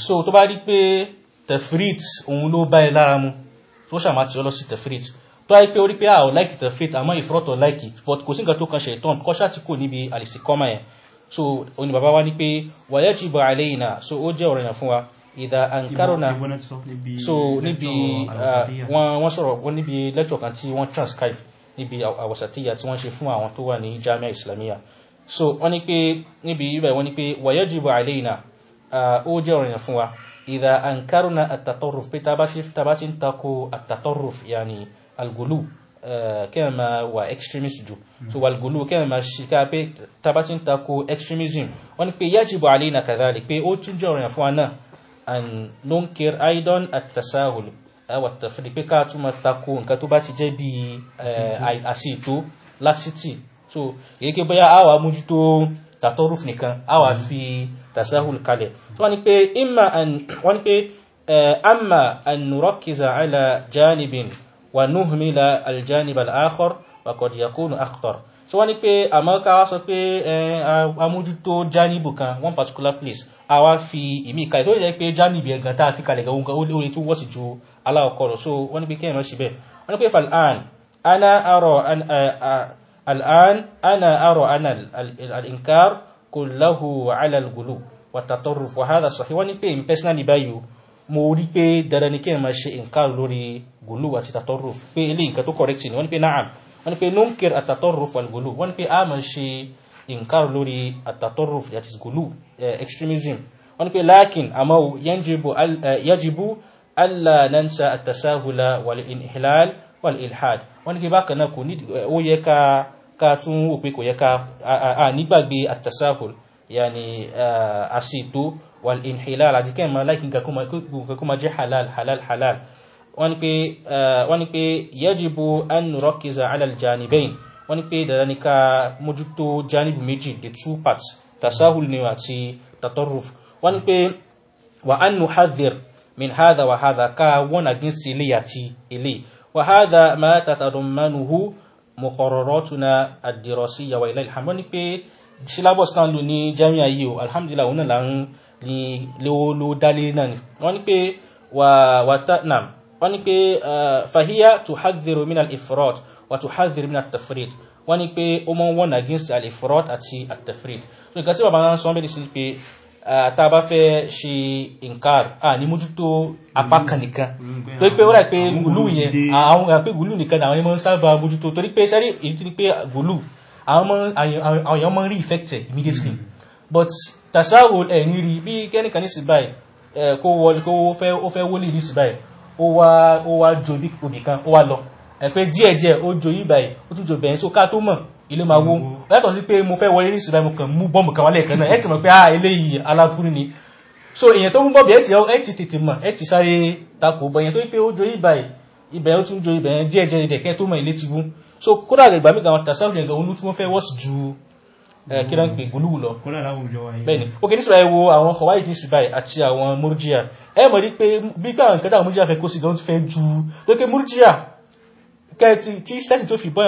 so tó bá rí pé tefrit òun ló bá ẹ lára mu tó ṣàmà tí lọ sí tefrit tó ayé pé orí pé àwọn ah, láìkì tẹ̀ faith àmọ́ ìfọ́tọ̀ láìkì but kò sí nǹkan tó kan ṣe tán kọ́ṣà tí kò níbi àlèsí kọ́mà yẹn so oní bàbá wa ní pé wàyẹ́ ti bọ̀ àlẹ́ yìí náà so ó jẹ́ ọ̀rọ̀ yẹn fún wa ìdá àǹkárọ̀nà so níbi uh, wọ́n sọ̀rọ̀ wọ́n níbi lecture kan tí wọ́n transcribe níbi àwọ̀sàtíyà tí wọ́n ṣe fún àwọn tó wà ní jamia islamiyya so wọ́n ní pé níbi ibẹ̀ wọ́n ní pé wàyẹ́ ti bọ̀ àlẹ́ yìí náà ó jẹ́ ọ̀rọ̀ yẹn fún wa ìdá àǹkárọ̀nà àtàtọ̀rùf pé tá a bá ti ń tako àtàtọ̀rùf yàní algulu eh, kẹ́ẹ̀ máa wà extremist jù so algulu kẹ́ẹ̀ máa ṣíká pé tabatin tako extremism wọ́n ni pé yajibu alayna kadhalik pé ó tún jọ ọ̀rìn fún wa náà an nunkir aidan at-tasahul awa eh, tafri pé ká tún máa tako nǹkan tó bá ti jẹ́ bí eh, àṣìtó laxity so èyí ké bóyá àwa mójútó tàtọ́rùf nìkan àwa fi tasahul kalẹ̀ so wọ́n ni pé imma an wọ́n ni pé amma an ala janibin wa nuhmila aljanib al-akhar wa qad yakunu akhtar so wọ́n ní pé àmọ́ ká wá sọ pé amójútó jánìbù kan one particular place a wá fi ìmí kalẹ̀ tó lè jẹ́ pé jánìbù ẹ̀gàn tá a fi kalẹ̀ gan ó lè tó wọ́sì ju aláwọ̀kọ́ lọ so wọ́n ní pé kí ẹ̀rọ síbẹ̀ wọ́n ní pé fal'an ana arọ al'an ana arọ ana al'inkar kullahu ala al-gulu wa tatarruf wa hadha sahih wọ́n ní pé in personally báyìí mo rí pé dandan ni kí ẹ máa ṣe nǹkan lórí gòlù àti tatarruf pé ilé nǹkan tó correct ni wọ́n ní pé na'am wọ́n ní pé nunkir at-tatarruf wal gòlù wọ́n pe pé a máa ṣe nǹkan lórí at-tatarruf àti gòlù eh, extremism wọ́n pe pé lakin àmọ́ eh, yajibu alla nansa at-tasahula wal inhilal wal ilhad wọ́n ní pé bákan náà kò ní eh, ó yẹ ká ká tún wò pé kò yẹ ká nígbàgbé at yàní àṣìtó wal inhilal àti kẹ́ẹ̀mọ́ láìkí nǹkan kó ma jẹ́ halal halal halal wọ́n ni pé yajibu an nurakiza ala aljanibayn wọ́n ni pé dada ní ká mójútó janibu méjì the two parts tasahul ni àti tatarruf wọ́n ni pé wa an nuhadhir min hadha wa hadha ka wọ́n against ilé àti ilé wa hadha ma tatadummanuhu muqarraratuna ad-dirasiyya wa ila alhamd wọ́n ni pé syllabus tán lò jami'a yìí alhamdulillah òun náà ni lówó ló dálé náà ni wọ́n ní pé wàtánàm wọ́n ní pé fahiya tuhadhiru min al-ifrat wa tuhadhiru min al-tafrit wọ́n ní pé ó mọ́ wọ́n against al-ifrat àti al-tafrit so nǹkan tí bàbá náà sọ bẹ́ẹ̀ sí pé tá a bá fẹ́ ṣe nkar a ní mójútó apá kan nìkan torí pé ó rà pé gùlù yẹn àwọn àpé gùlù nìkan àwọn ẹni mọ́ sábà mójútó torí pé sẹ́rí èyí ti ní pé gùlù àwọn èèyàn mọ́ rí effect immediately. Mm -hmm but tasawul ẹ̀ eh, ní rí bí kẹ́nìkan ní sí báyìí eh, kó wọlé kó ó fẹ́ wọlé ní sí báyìí ó wá ó wá jo bí òbí kan ó wá lọ ẹ̀ pé díẹ̀díẹ̀ ó jo yìí báyìí ó tún jo bẹ̀yìn tó ká tó mọ̀ ilé máa wó yàtọ̀ sí pé mo fẹ́ wọlé ní sí mo kàn mú bọ́ọ̀mù kan wálé ẹ̀kan náà ẹ̀ ti mọ̀ pé ah eléyìí aláburú ni so èyàn tó mú bọ́ọ̀bù ẹ̀ ti tètè mọ̀ ẹ̀ ti sáré takò bọ̀ èyàn tó pé ó jo yìí báyìí ibẹ̀ ó tún jo ibẹ̀ díẹ̀díẹ̀ so kódà àgbẹ̀gbà mi gan tasawul yẹn gan onú tí wọ́n fẹ́ wọ́ọ̀sì ju Eh, kí ló ń pè gúlù lọ bẹ́ẹ̀ni ok nísìlá ẹ wo àwọn Hawaii ní ṣùgbọ́n àti àwọn Murjia ẹ mọ̀ ní pé gbígbà àwọn ìkẹta àwọn Murjia fẹ́ kó sí gan fẹ́ ju lókè Murjia tí sẹ́sì tó fi bọ́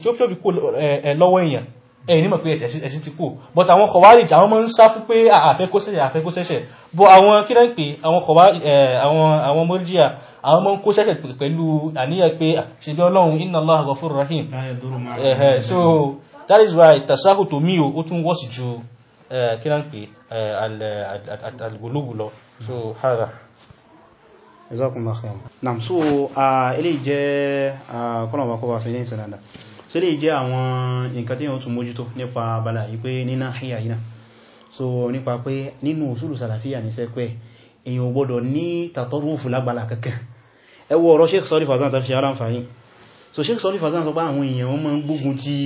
tí ó fi kó lọ́wọ́ èèyàn ẹ̀yìn nímọ̀ pé ẹ̀sìn ti kó but àwọn Hawaii àwọn máa ń sá fún pé àfẹ́ kó sẹ́sẹ̀ àfẹ́ kó sẹ́sẹ̀ but àwọn kí ló ń pè àwọn Murjia àwọn ọmọ ń kó sẹ́sẹ̀ pẹ̀lú àníyàn pé ṣèbí Ọlọ́run inna Allah ghafur rahim so that is why tasahu to mi o ó tún wọ́sì ju eh, kí náà ń eh, lọ so hara jazakumullah khairan naam so ele jẹ́ kọ́nàwà kọwàá sí ilé ìsìn dáadáa so eléyìí jẹ́ àwọn nǹkan tí yíò tún mójútó nípa abala yìí pé nínà híyà yìí náà so nípa pé nínú usulu sàlàfíà ní sẹ́pẹ́ èyàn ò gbọ́dọ̀ ní tàtọ́rùfù lágbàlá kankan ẹ wo ọ̀rọ̀ Sheikh Sọ́lí Fàzán tàbí ṣe aláǹfààní so Sheikh Sọ́lí Fàzán sọ pé àwọn èèyàn wọ́n máa ń ti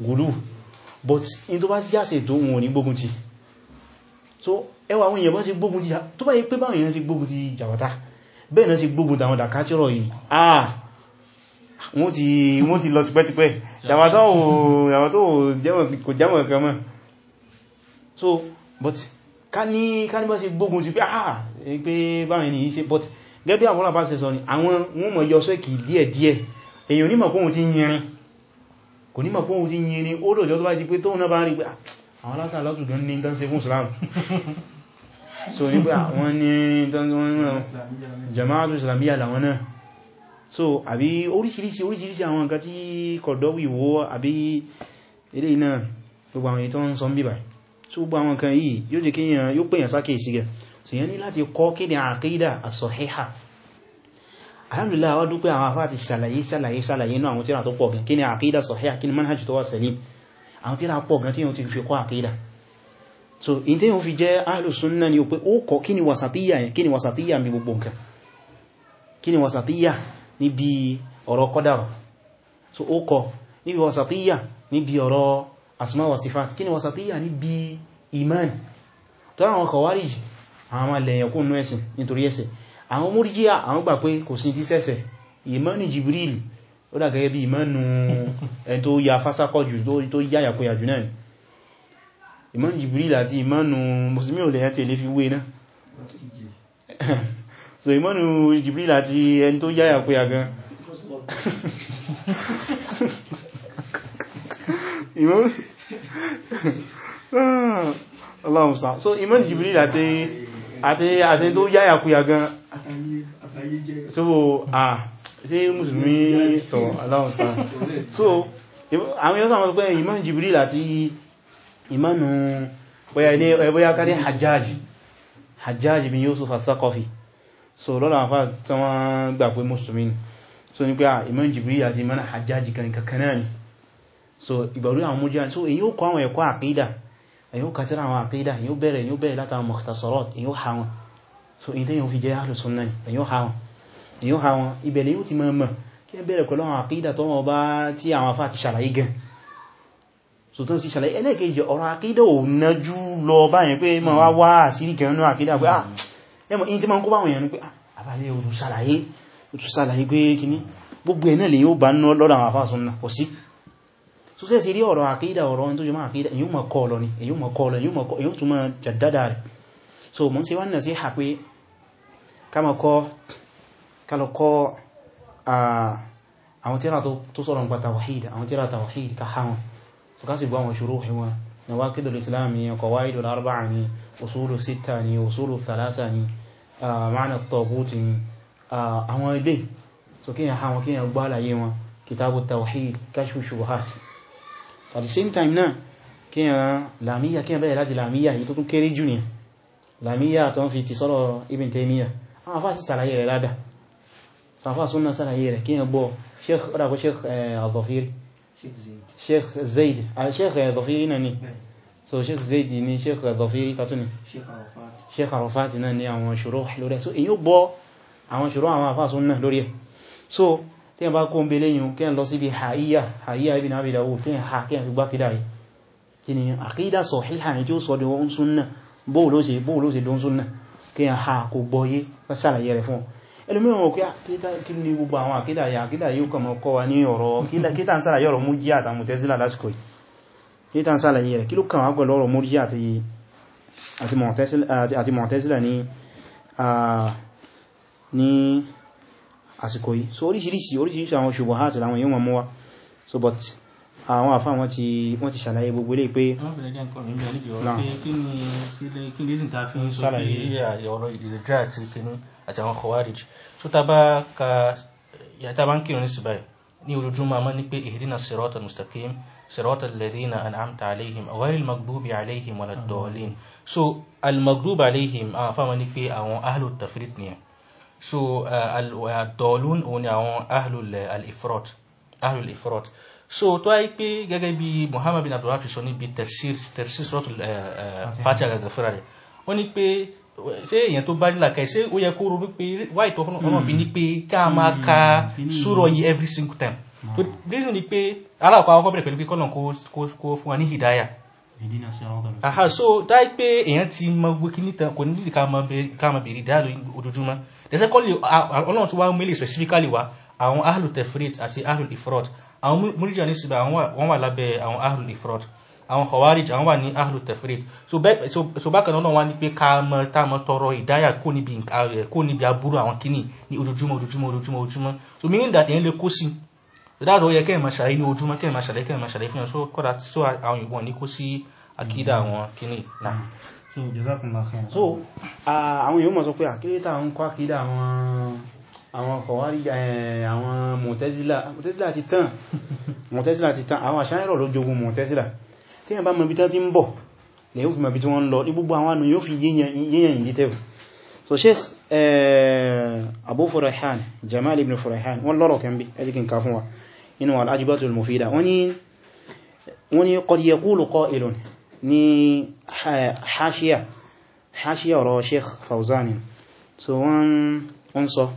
gùlù but in tó bá sí jáse tó wọn ní gbógun ti so ẹwà àwọn èèyàn bá ti gbógun ti tó bá yẹ pé báwọn èèyàn ti gbógun ti jàbátá bẹ́ẹ̀ náà ti gbógun tàwọn dàkátírọ̀ yìí ah wọ́n ti lọ tipẹ́tipẹ́ jàbátá ò jẹ́mọ̀ kan mọ́ so but ká ní ká ní bá ṣe gbógun ti pé ah pé báyìí ní ṣe but gẹ́gẹ́ bí àwọn ọlọ́pàá ṣe sọ ni àwọn wọ́n mọ̀ yọ sẹ́kì kò ní mọ̀ pé òun ti yin ni ó dọ̀jọ́ tó bá jí pé tóun náà bá rí pé ah, àwọn látà látù gan ní tán fún Islam (laughs) so ní pé àwọn ah, ní jama'atu islamiyya làwọn náà so àbí oríṣiríṣi oríṣiríṣi àwọn nǹkan tí kọ̀dọ̀wì wo àbí ilé iná gbogbo àwọn ètò ń sọ ń bíbà so gbogbo àwọn nǹkan yìí yóò jẹ́ kéèyàn yóò pèyàn sákèèsí gẹ̀ so yẹn ní láti kọ́ kéde àkídà as alhamdulillah wá dúpẹ́ àwọn afá ti sàlàyé sàlàyé sàlàyé inú àwọn tíra tó pọ̀ gan kini ni àkídà sọ̀híà kí ni manhaj tó wà sẹ̀lìm àwọn tíra pọ̀ gan tí yóò ti fi kọ́ àkídà so in tí yóò fi jẹ́ ahlùsúnnà ni ó pé ó kọ́ kí ni wasatiyya yẹn kí ni wasatiyya mi gbogbo nǹkan kí ni wasatiyya níbi ọ̀rọ̀ kọ́dàrọ̀ so ó kọ́ níbi wasatiyya níbi ọ̀rọ̀ asma wa sifat wasatiya ni bi níbi iman tó àwọn kọwárìjì àwọn alẹ́yẹ̀kún nú ẹ̀sìn nítorí ẹ̀sìn àwọn múríjíà àwọn gbà pé kò sí ti sẹ́sẹ̀ ìmánu Jibril ó dà gẹ́gẹ́ bí ìmánu ẹni tó ya fásákọ̀ jù tó yá yàkóyà jù náà ìmánu Jibril àti ìmánu mùsùlùmí ò lẹ́yàn tí fi wé e náà (laughs) so ìmánu Jibril àti ẹni tó yá yàkóyà gan Allahumma (laughs) (laughs) so ìmánu Jibril àti àti àti tó yá yàkóyà gan so ah ṣe musulmi tọ̀ aláwọ̀sán so àwọn yóò sàmọ́ pé ìmánu Jibril àti ìmánu ẹgbẹ́yà kárí Hajjaj Hajjaj bin Yusuf al-Thaqafi so lọ́la àfá tí wọ́n gbà pé musulmi so ní pé ìmánu Jibril àti ìmánu Hajjaj kan kankan náà ni so ìgbàlú àwọn mújíà so èyí ó kọ àwọn ẹ̀kọ́ àkídà èyí ó kàtíra àwọn àkídà èyí ó bẹ̀rẹ̀ èyí ó bẹ̀rẹ̀ látàwọn mukhtasarat èyí ó ha so in tẹ́yàn fi jẹ́ àrùsùn náà èyàn ha wọn èyàn ha wọn ibẹ̀lẹ̀ yóò ti mọ̀ mọ̀ kí ẹ bẹ̀rẹ̀ pẹ̀lú àwọn àkídà tó wọ́n bá tí àwọn afá ti ṣàlàyé gan so tó sì ṣàlàyé ẹlẹ́kẹ̀ẹ́jì ọ̀rọ̀ àkídà ò nájú lọ báyẹn pé ma wá wá àsírí gan nú àkídà pé ah ẹmọ in ti ma ń kó báwọn èèyàn pé ah, àbáyé o tún ṣàlàyé o tún ṣàlàyé pé kíní gbogbo ẹ̀ náà lè yóò bá ná lọ́dọ̀ àwọn afá sunna kò sí so sẹ́sì rí ọ̀rọ̀ àkídà ọ̀rọ̀ tó jẹ mọ́ àkídà èyí ó mọ̀ kọ́ lọ ni èyí ó mọ̀ kọ́ lọ èyí ó tún mọ̀ jàdádà rẹ̀ so mo ń ṣe wọ́n náà sí hà pé kálọ̀kọ́ àwọn tíra tó sọ̀rọ̀ nípa tawhid àwọn tíra tawhid ká hàn so ká sì gbọ́ àwọn ṣòro wọn na wákìdù islam ni qawaidul arba'a ni usulu sita ni usulu thalatha ni ma'na at-taghut ni àwọn ilé so kíyàn ha wọn kíyàn gbọ́ àlàyé wọn kitabu tawhid kashfu shubuhat at the same time náà kíyàn lamiya kíyàn bẹ̀rẹ̀ láti lamiya yìí tó tún kéré jù lamiya tó ń fi ti sọ́rọ̀ Ibn Taymiyyah àwọn afá sí sàlàyé rẹ̀ ládà so afá súnnà sàlàyé rẹ̀ kí yẹn gbọ́ sheikh ọ̀dàkọ́ sheikh eh, al-Dhafiri sheikh Zaid al-sheikh ah, eh, al-Dhafiri náà ni so sheikh Zaid ni sheikh al-Dhafiri tatu ni sheikh Arafat náà ni àwọn ṣòro lórí ẹ̀ so èyí gbọ́ àwọn ṣòro àwọn afá súnnà lórí ẹ̀ so tí yẹn bá kó ń belé yìí kí yẹn lọ síbi ha'iyya ha'iyya Ibn Abi Dawud kí yẹn ha kí yẹn fi gbá kí dáyìí kí ni àkídà sahiha ni tí ó sọ́dọ̀ wọn súnnà bóò ló ṣe dún súnnà kí a ha kò gbọ́yé sàlàyé rẹ̀ fún ẹlòmíràn wọ́n ah, kí ní gbogbo àwọn àkídà yà àkídà yíò kàmọ̀ kọ́ wa ní ọ̀rọ̀ kíta ń sàlàyé ọ̀rọ̀ mújí àtàmù tẹ́sílà lásìkò yìí kíta ń sàlàyé rẹ̀ kí ló kàn wá pẹ̀lú ọ̀rọ̀ mújí àti mọ̀tẹ́sílà ní àsìkò yìí so oríṣiríṣi oríṣiríṣi àwọn ṣubuhat láwọn yíò so but àwọn àfá wọn ti wọ́n ti ṣàlàyé gbogbo ilé pé ní olójúmọ́ ma ní pé ihdina sirata mustaqim sirata alladhina an'amta alayhim ghayril maghdubi alayhim waladdallin so al-maghdub alayhim a fama ní pé àwọn ahlut tafrit ni so eh, al-dallun eh, òun ni àwọn ahlul ifrat so tó wáyé pé gẹ́gẹ́ bí Muhammad bin Abdul Wahab sọ níbi tafsir tafsir sọ́tù eh, eh, Fatiha gàgà fúnra rẹ̀ wọ́n ní pé ṣé èèyàn tó bá nílà ká ṣé ó yẹ kó ronú pé wáyé tó ọ̀nà fi ní pé ká máa ka hmm. sùúrọ̀ yìí every single time hmm. tó reason ni pé aláàkọ́ àwọn kọ́bẹ̀rẹ̀ pẹ̀lú pé kọ́nà kó fún wa ní hidaya aha so dáì pé èèyàn ti mọ gbé kí níta kò nílì ká máa bèrè dáàlú ojoojúmọ́ the second ọlọ́run tó wá mélè specifically wa àwọn ahlul tefrit àti ahlul ifrod àwọn múríjà ní ṣùgbọ́n àwọn wà lábẹ́ àwọn ahlul ifrod àwọn khawarij àwọn wà ní ahlul tefrit so bákan náà wà ní pé ká mọ tá mọ tọrọ ìdáyà kó níbi kó níbi aburú àwọn kìíní ní ojoojúmọ́ ojoojúmọ́ ojoojúmọ́ ojoojúmọ́ so mìíràn dàtí yẹn lè kó sí dáadọ́ yẹ kẹ́yìn máa ṣàlàyé ní ojúmọ́ kẹ́yìn máa ṣàlàyé kẹ́yìn máa ṣàlàyé fún yẹn so kọ́dà so àwọn ìbọn ní kó sí akídà mm-hmm. àwọn kìíní náà mm-hmm. so àwọn èèyàn mọ̀ sọ pé àkílẹ̀ táwọn kọ́ àkídà àwọn àwọn kọwàrí àwọn mọ̀tẹ́sílà mọ̀tẹ́sílà ti tán (laughs) mọ̀tẹ́sílà ti tán àwọn àṣáyẹ̀rọ̀ ló jogun mọ̀tẹ́sílà tí yẹn bá mọ̀ ibi tán ti ń bọ̀ lè yóò fi mọ̀ ibi tí wọ́n ń lọ ní gbogbo àwọn yóò fi yíyàn ìdí tẹ́wù so sheikh abu furahan jamal ibn furahan wọ́n lọ́rọ̀ kan bí ẹjíkin ka fún wa sọ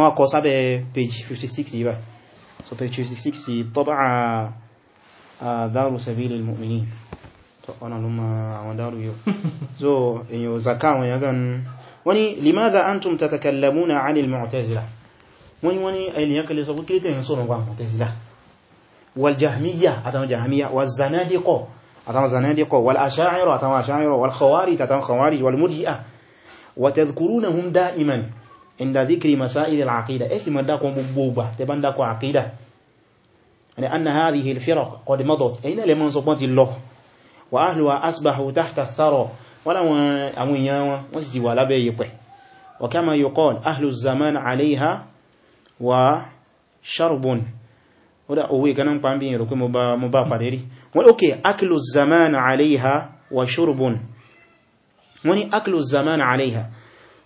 wọ́n kọ sábẹ̀ page 56 yíba so page 56 yí tọ́bà Daru Sabilil Mu'minin tó ọ̀nà ló ma àwọn dáru yóò so èyàn zaka àwọn ya gan wọ́n ni limadha antum tatakallamuna 'anil Mu'tazila wọ́n ni wọ́n ni èyàn kalẹ̀ sọ kí tẹ́yìn sọ̀rọ̀ wa Mu'tazila wal Jahmiyya àtàwọn Jahmiyya wal Zanadiqa àtàwọn Zanadiqa wal Asha'ira àtàwọn Asha'ira wal Khawarij àtàwọn Khawarij wal Murji'ah wa tadhkurunahum da'iman inda dhikri masail al-aqida ẹ sì máa dákọ gbogbo ìgbà tẹ́ bá ń dákọ àkídà yani anna hadhihi al-firaq qad madat ẹ̀yin lè mọ́ sọ pọ́n ti lọ wa ahluha asbahu tahta ath-thara wọ́n láwọn àwọn èèyàn wọn wọ́n sì ti wà lábẹ́ yẹ̀pẹ̀ wa kama yuqal ahlu az-zaman 'alayha wa sharbun ó dá owó ìkaná ń pa ń bí ìrùkú mo bá aklu zaman 'alayha wa sharbun wọ́n aklu zaman 'alayha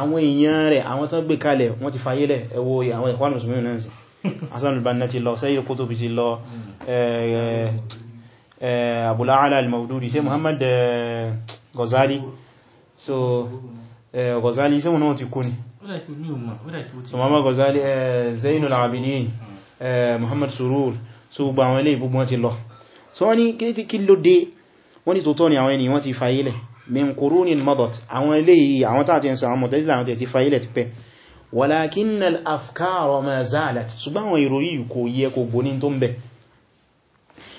àwọn èèyàn rẹ̀ àwọn tán gbé kalẹ̀ wọ́n ti fayélẹ̀ ẹwọ àwọn Ikhwan Muslimin náà sí Hasan al-Banna ti lọ Sayyid Qutb ti lọ Abul A'la al-Mawdudi ṣe Muhammad Ghazali so Ghazali ṣe wọn náà ti kú ni so Muhammad Ghazali Zainul Abidin Muhammad Surur so gbogbo àwọn ilé ìgbogbo wọn ti lọ so wọ́n ni kí ló wọ́n ni tó tọ́ ni àwọn ènìyàn ti fayélẹ̀ min qurunin madat àwọn eléyìí àwọn tá ti ń sọ àwọn mu'tazila àwọn tí fa ilẹ̀ ti pẹ́ walakinna al-afkara ma zalat ṣùgbọ́n àwọn ìròrí kò yẹ kò gbóní tó ń bẹ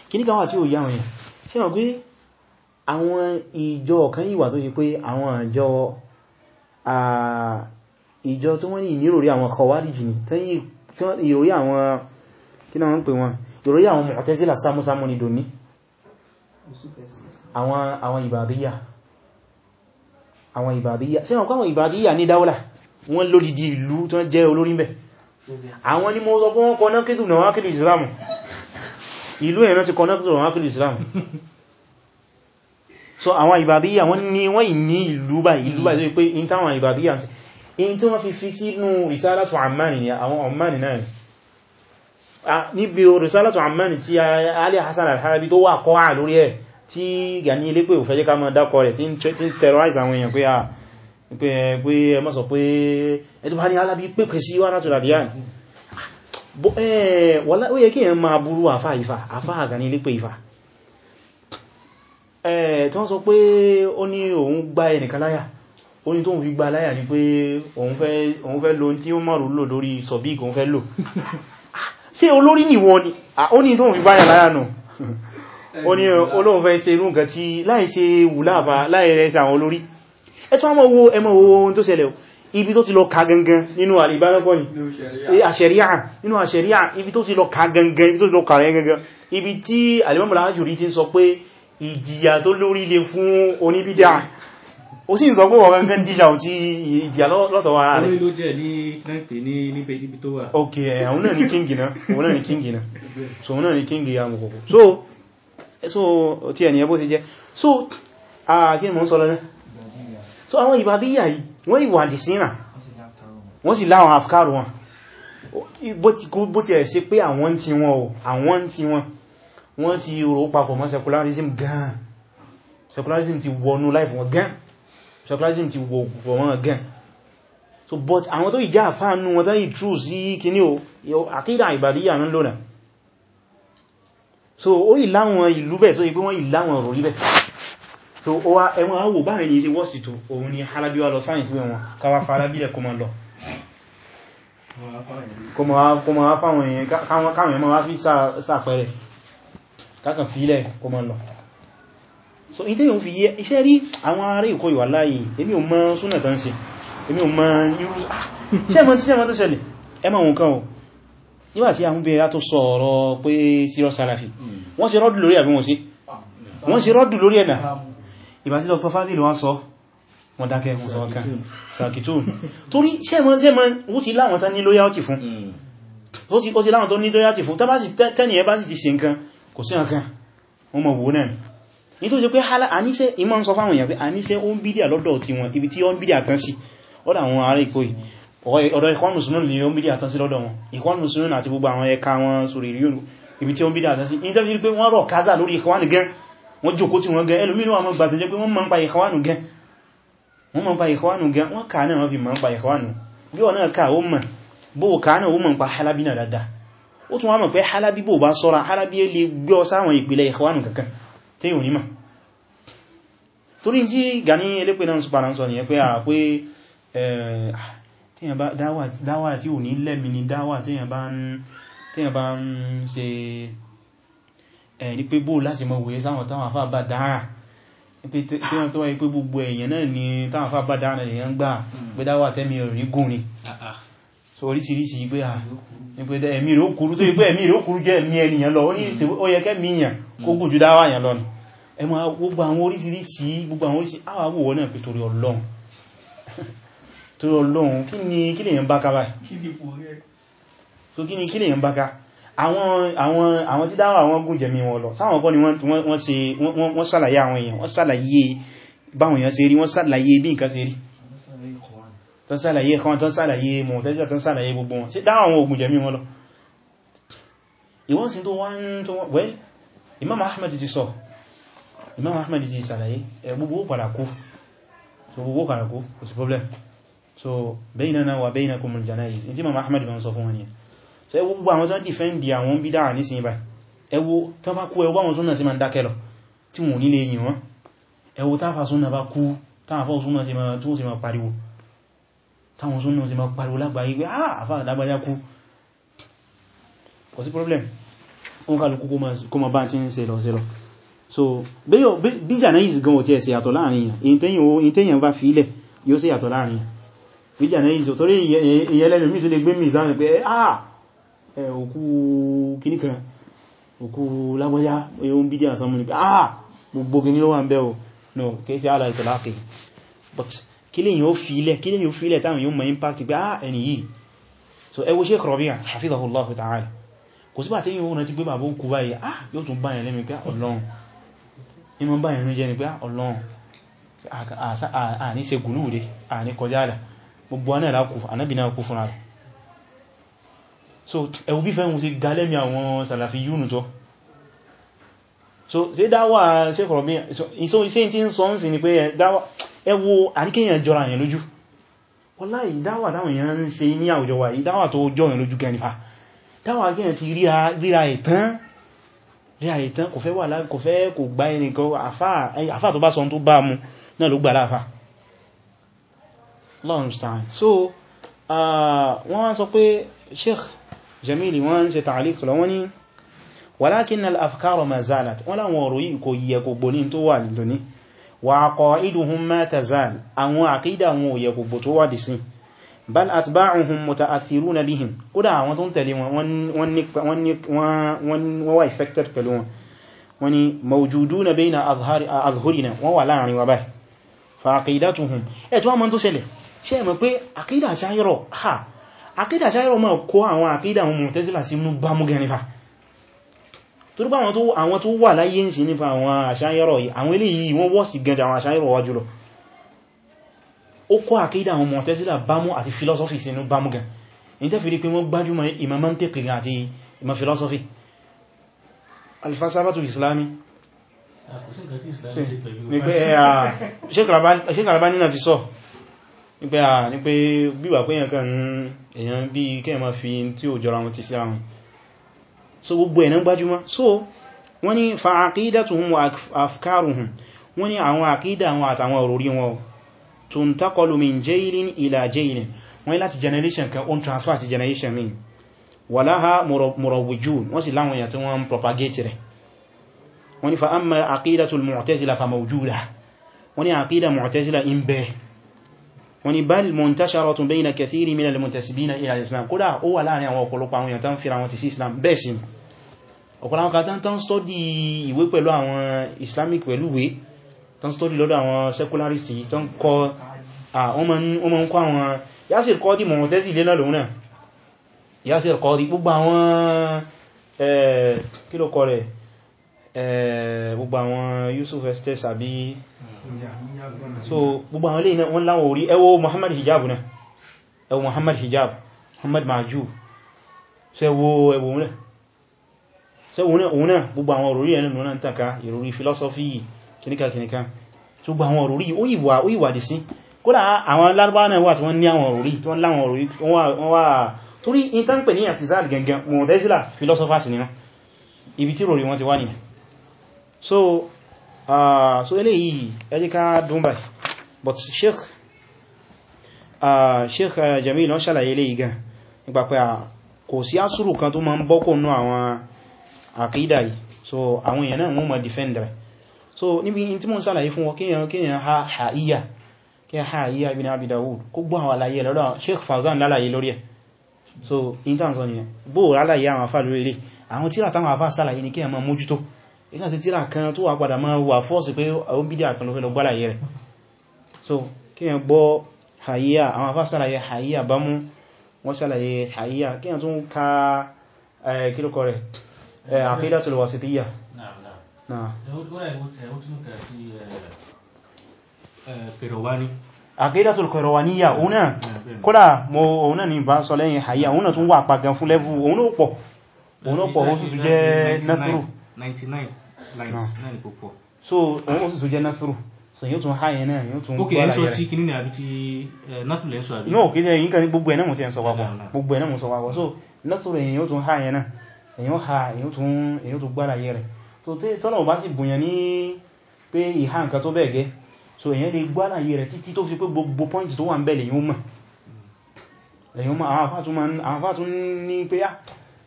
kí ní káwà tí ó yá wọn ṣe mọ̀ pé àwọn ìjọ kan ìwà tó yí pé àwọn àjọ ìjọ tó wọ́n ní ìníròrí àwọn khawarij ni ìròrí àwọn kí náà wọ́n pè wọn ìròrí àwọn mu'tazila sámúsámú ni dòní àwọn ìbàdíyà àwọn ìbàdíyà sí àwọn káwọn ìbàdíyà ní dáwọ́lá wọ́n lódìdí ìlú tó jẹ́ olórí ń bẹ̀ àwọn ni mo sọ pé wọ́n kọ́nà kìtù náà kìtù ìsìlámù ìlú ẹ̀rẹ́ ti kọ́nà ìsìlámù so àwọn ìbàdíyà wọ́n ní wọ́n ní ìlú bá ìlú bá ìsọ́ pé in táwọn ìbàdíyà ń ṣe in tí wọ́n fi fi sínú ìsálàtù àmánì ni àwọn ọmánì náà níbi orí ìsálàtù àmánì tí tí Gani ilé pé òfẹ́jẹ́ ká mọ́ dákọ rẹ̀ tí ń terrorize àwọn èèyàn pé a ah, pé ẹ mọ́ sọ pé ẹ̀tọ́ bá ní alábi pépè sí wà látò dàdíyàn ó yẹ kí ẹ máa burú àfá ìfà àfá Gani ilé pé ìfà tí wọ́n sọ pé ó ní òun gbá ẹnìkan láyà ó ní tóun fi gbá láyà ni pé òun fẹ́ lo tí ó márùn lò lórí sọ̀bíìkì fẹ́ lò ah, ṣé olórí nìwọ ni ah, ó ní tóun fi gbá láyà náà ó ní olóhun fẹ́ ṣe irú nǹkan tí láì ṣe wùláàfà láì rẹ̀ sí àwọn olórí ẹ̀tọ́ àmọ́ owó ẹmọ owó ohun tó ṣẹlẹ̀ ibi tó ti lọ ka gangan nínú àlìbánápọ̀ ni àṣẹ̀ríà nínú àṣẹ̀ríà ibi tó ti lọ ka gangan ibi tó ti lọ ka rẹ̀ gangan ibi tí àlìmọ́mọ̀lá jùrí ti ń sọ pé ìjìyà tó lórí le fún oníbídà ó sì ń sọ pé so òun náà ni so so tí ẹni ẹbó ti jẹ́ so ààkí mọ́ sọ lọ́nà so àwọn ìbàdíyà yìí wọ́n ìwà dìsínà wọ́n sì láwọn afkaru wọn bó ti ẹ̀ ṣe pé àwọn tí wọn o àwọn tí wọn wọ́n ti rò papọ̀ mọ́ secularism gan secularism ti wọnú life wọn gan secularism ti wọ wọn gan so but àwọn tó ìjá àfáànú wọn tó ìtrú sí kíní o àkídà ìbàdíyà ń so ó ìláwọn ìlú bẹ̀ tó yí pé wọ́n ìláwọn ọ̀rọ̀ ríbẹ̀ so ó wá ẹwọ́n àwò báyìí ní sí wọ́sì tó òun ni Halabi wa lọ sáyẹ̀nsì wẹ̀ wọn káwà Farabi lẹ̀ kó ma lọ kó ma wá fáwọn èèyàn káwọn èèyàn ma wá fi sàpẹrẹ kákan fílẹ̀ kó ma lọ so in tẹ́yìn fi yẹ iṣẹ́ rí àwọn ará ìkó ìwà láyé èmi ò mọ̀ súnà tán sí èmi ò mọ̀ irú ah, ṣẹ́mọ̀ tí ṣẹ́mọ̀ tó ṣẹlẹ̀ ẹ mọ̀ nǹkan o nígbàtí àwọn obìnrin yá tó sọ ọ̀rọ̀ pé sírọ̀ sálàfí hmm. wọ́n sì rọ́dù lórí àbí wọ́n sí ah. wọ́n sì rọ́dù lórí ẹ̀nà ah. ìbàtí Dr. Fadil wọ́n sọ wọ́n dákẹ́ wọ́n sọ wọ́ká sàkìtún torí sẹ́mọ̀ ó ti láwọn tán ní lóyàtì fún hmm. ó ti láwọn tán ní lóyàtì fún tẹ́ni ẹ bá sì ti ṣe nǹkan kò sí nǹkan wọ́n mọ̀ wò náà ní tó ṣe pé hálà àníṣẹ́ ìmọ̀ ń sọ fáwọn èèyàn pé àníṣẹ́ ó ń bídíà lọ́dọ̀ tí wọn ibi tí ó ń bídíà tán sí ọ́dà àwọn ará ìkó yìí ọ̀dọ̀ Ikhwan Muslimun ni o ń bídí àtànsí lọ́dọ̀ wọn Ikhwan Muslimun àti gbogbo àwọn ẹka wọn sórí ríòrù ibi tí o ń bídí àtànsí ní tẹ́bí pé wọ́n rọ̀ kázà lórí Ikhwan gan wọ́n jòkó tí wọ́n gan ẹlòmínú àwọn gbàtẹ̀ jẹ́ pé wọ́n mọ́ ń pa Ikhwan gan wọ́n mọ́ ń pa Ikhwan kà náà Halabi náà dáadáa ó tún wá Halabi bó bá sọ́ra Halabi lè gbé ọ sáwọn ìpìlẹ̀ Ikhwan kankan tí yóò nímọ̀ torí tí Gani elépè náà sọ pé tíyàn bá dáwà tí ò ní lẹ́mi ni dáwà tíyàn bá ń ṣe ẹ̀ ní pé bó láti mọ̀ wòye sáwọn táwọn afá bá dára tíyàn tó wáyé pé gbogbo èèyàn náà ni táwọn afá bá dára èèyàn gbà pé dáwà tẹ́mi rí gùn ni ah, ah. so oríṣiríṣi pé à ní pé ẹ̀mí rẹ̀ ó kúrú tó yí pé ẹ̀mí rẹ̀ ó kúrú jẹ́ ẹ̀mí ènìyàn lọ ó yẹ kẹ́mí èèyàn kó gùn ju dáwà yẹn lọ ẹmọ gbogbo àwọn oríṣiríṣi gbogbo àwọn oríṣiríṣi àwàwò náà pẹ̀tọ̀rọ̀ ọlọ́run tó rọ lóhun kí ni kí lè yẹn báka báyìí so kí ni kí lè yẹn báka àwọn tí dáwà wọn gùn jẹ̀mí wọn lọ sáwọn kọ́ ni wọ́n ṣàlàyé àwọn èèyàn wọ́n ṣàlàyé báwọn èèyàn ṣe rí wọ́n ṣàlàyé bí nǹkan ṣe rí tán ṣàlàyé kan tán ṣàlàyé mọ̀ tẹ́jà tán ṣàlàyé gbogbo wọn sí dáwà àwọn ogun jẹ̀mí wọn lọ ìwọ́n sí tó wọ́n tó wọ́n well Imam Ahmad ti sọ Imam Ahmad ti ṣàlàyé gbogbo padà gbogbo padà kò sí problem so baynana wa baynakumul janaiz in ti mama ahmed bin sọ fún wọn yẹn so ẹwọ gbogbo àwọn tó ń dìfẹ́ndì àwọn bídá ní sin ibà ẹwọ tó bá kú ẹwọ báwọn súnà sí ma ń dákẹ́ lọ tí wọn nílé yìn wọn ẹwọ táfà súnà bá kú táwọn súnà ah, sí ma pariwo táwọn sí ma pariwo problem wọn kálukú kó ma bá ti ń so bí jànáyìí gan ò tí ẹ̀ sí yàtọ̀ láàrin yàn èyí tẹ́yìn bá fi ilẹ̀ yóò sí yàtọ̀ láàrin yàn fi janayiz torí ìyẹlẹ́nu mi tó lè gbé mìzánì pé ah òkú kìníkan òkú lágbọ́yá ohun bídí àsánmù ní pé ah gbogbo kìní ló wà ń bẹ́ o no kìí sí àlà ìtọ̀láàkì but kí lè yíò fílẹ̀ kí lè yíò fílẹ̀ táwọn yíò ah ẹni so ẹ wo Sheikh Rabi' hafizahullahu ta'ala kò síbà tí yíò rántí pé bàbá ah yóò tún báyìí lẹ́mi pé ah, ọlọ́run ìmọ̀ báyìí rú jẹ́ ni pé ah, ọlọ́run àní ṣe gùnúùdé àní kọjá àdá gbogbo anáà lákù anábì náà kú fúnra so ẹ̀wù bí fẹ́hùn sí galẹ́mì àwọn sàlàfí yúnù tọ́ so ṣe dáwà ṣẹ́kọ̀rọ̀ bí iso iṣẹ́ tí ń sọ ń sì ni pé ẹwọ àríkẹ́yàn jọra yẹn lójú wallahi dáwà táwọn èèyàn ń ṣe ní àwùjọ wa yìí dáwà tó jọ yẹn lójú gẹnifa dáwà kẹ́yàn ti ríra ìtàn ríra ìtàn kò fẹ́ wà kò fẹ́ kò gbá ẹnìkan àfà tó náà ló gbà láàfà Allahu musta'an so uh, wọ́n wá sọ pé sheikh jamili wọ́n ṣe ta'aliq lọ wọ́n ni walakin al-afkar ma zalat wọ́n láwọn ọ̀rọ̀ yìí kò yẹ kò gbò ní tó wà lóní wa aqaiduhum ma tazal àwọn àkídà wọn ò yẹ kò gbò tó wà dì sí bal atba'uhum muta'athiruna bihim kódà àwọn tó ń tẹ̀lé wọn wà affected pẹ̀lú wọn wọ́n ni mawjuduna bayna adhhurina wọ́n wà láàrin wa báyìí fa aqidatuhum ẹ̀ tó wọ́n mọ́ tó ṣẹlẹ̀ ṣe mọ̀ pé àkídà ṣáyírọ̀ ha àkídà ṣáyírọ̀ mọ̀ kó àwọn àkídà wọn Mu'tazila sí inú bá mú gẹnifà tó rí bá àwọn tó wà láyé ń sí nípa àwọn àṣáyírọ̀ yìí àwọn eléyìí wọ́n wọ́ sí gẹnjà àwọn àṣáyírọ̀ wájú lọ ó kó àkídà àwọn Mu'tazila bá mú àti philosophy sínú bá mú gan in tẹ́ fi rí pé wọ́n gbájúmọ̀ ìmọ̀ mantiki gan ṣe kàràbá nínà ti sọ ní pé à ní pé bíbà pé èyàn kan èyàn bí kí èyàn ma fi tí ò jọra wọn ti sí ara wọn so gbogbo ẹ̀nà gbájúmọ́ so wọ́n ni fa aqidatuhum wa afkaruhum wọ́n ni àwọn àkídà wọn àtàwọn òròrí wọn tuntaqalu min jailin mi walaha murawwijun wọ́n wọ́n ni fa amma aqidatul wọ́n ni bal muntasharatun bayna kathiri min al-muntasibina ila al-islam kódà ó wà láàrin àwọn ọ̀pọ̀lọpọ̀ àwọn èèyàn tán fira wọn ti sí islam bẹ́ẹ̀ sí ọ̀pọ̀lọpọ̀ àwọn kan tán stọ́dì ìwé pẹ̀lú àwọn islamic pẹ̀lú ìwé tán stọ́dì lọ́dọ̀ àwọn secularist tán kọ ọmọ ń kọ Eh, gbogbo àwọn Yusuf estes àbí so gbogbo àwọn lẹ́yìn wọ́n láwọn orí ẹ wò Muhammad hijab náà ẹ wò Muhammad hijab Muhammad Maju. so ẹ wò ẹ so òun náà gbogbo àwọn orí ẹ̀nà lónà ń tànká ìròrí philosophy kìníkà kìníkà so gbogbo àwọn orí ó ìwà ó ìwà dì sí kódà àwọn Lárúbáwá náà wà tí wọ́n ní àwọn orí tí wọ́n láwọn orí wọ́n wà torí ìtànpẹ̀ ní àtìsáàlì gẹ̀gẹ̀ mọ̀tẹ́sílà philosophers nínú ibi tí ròrí wọn ti wá nìyàn so uh, so eléyìí ẹ jẹ́ but sheikh uh, sheikh uh, Jamil wọ́n ṣàlàyé eléyìí gan nípa pé uh, kò sí asúrù kan tó ma ń bọ́kò nú àwọn àkídà yìí so àwọn èèyàn náà wọ́n ma defend rẹ̀ so níbi tí mo ń ṣàlàyé fún wọn kíyàn ha ha'iyya kí ha ha'iyya ibn Abi Dawud kó gbọ́ àwọn àlàyé lọ́dọ̀ sheikh Fawzan lálàyé lórí ẹ̀ so in tàn sọ nìyẹn bóò lálàyé àwọn afá lórí ilé àwọn tíra táwọn afá ṣàlàyé ni kíyàn ma mójútó ìkàn sí tíra kan tó wà padà máa wà fọ́ọ̀sì pé àwọn bídí àkan fẹ́ lọ gbálàyé rẹ̀ so kí yẹn gbọ́ hayíyà àwọn afá sàlàyé hayíyà bá mú wọ́n sàlàyé hayíyà kí yẹn tún ka kílùkọ rẹ̀ Aqidatul Wasitiyya Aqidatul Qayrawaniyya òun náà kódà mo òun náà ní bá sọ lẹ́yìn hayíyà òun náà tún wà pàgán fún lẹ́vù òun náà pọ̀ òun náà pọ̀ òun tún jẹ́ nasiru 99 láìsí ah. púpọ̀ so òun sì tún jẹ́ násírù so yóò tún ha yẹn náà yóò tún gbọ́ àlàyé rẹ̀ kí ní àbí tí násírù lẹ́ ń sọ àbí no kí ní ẹ̀yìn kan ní gbogbo ẹ̀ náà mo ti ẹ̀ sọ papọ̀ gbogbo ẹ̀ náà sọ papọ̀ so násírù èyàn yóò tún ha yẹn náà èyàn ha èyàn tún gbọ́ àlàyé rẹ̀ so tọ́nà bá sì bùnyàn ní pé ìhá nǹkan tó bẹ́ẹ̀ gẹ́ so èyàn lè gbọ́ àlàyé rẹ̀ títí tó fi pé gbogbo pọ́ǹtì tó wà ń bẹ̀ lèyàn mọ̀ àwọn afá tún ní pé ah,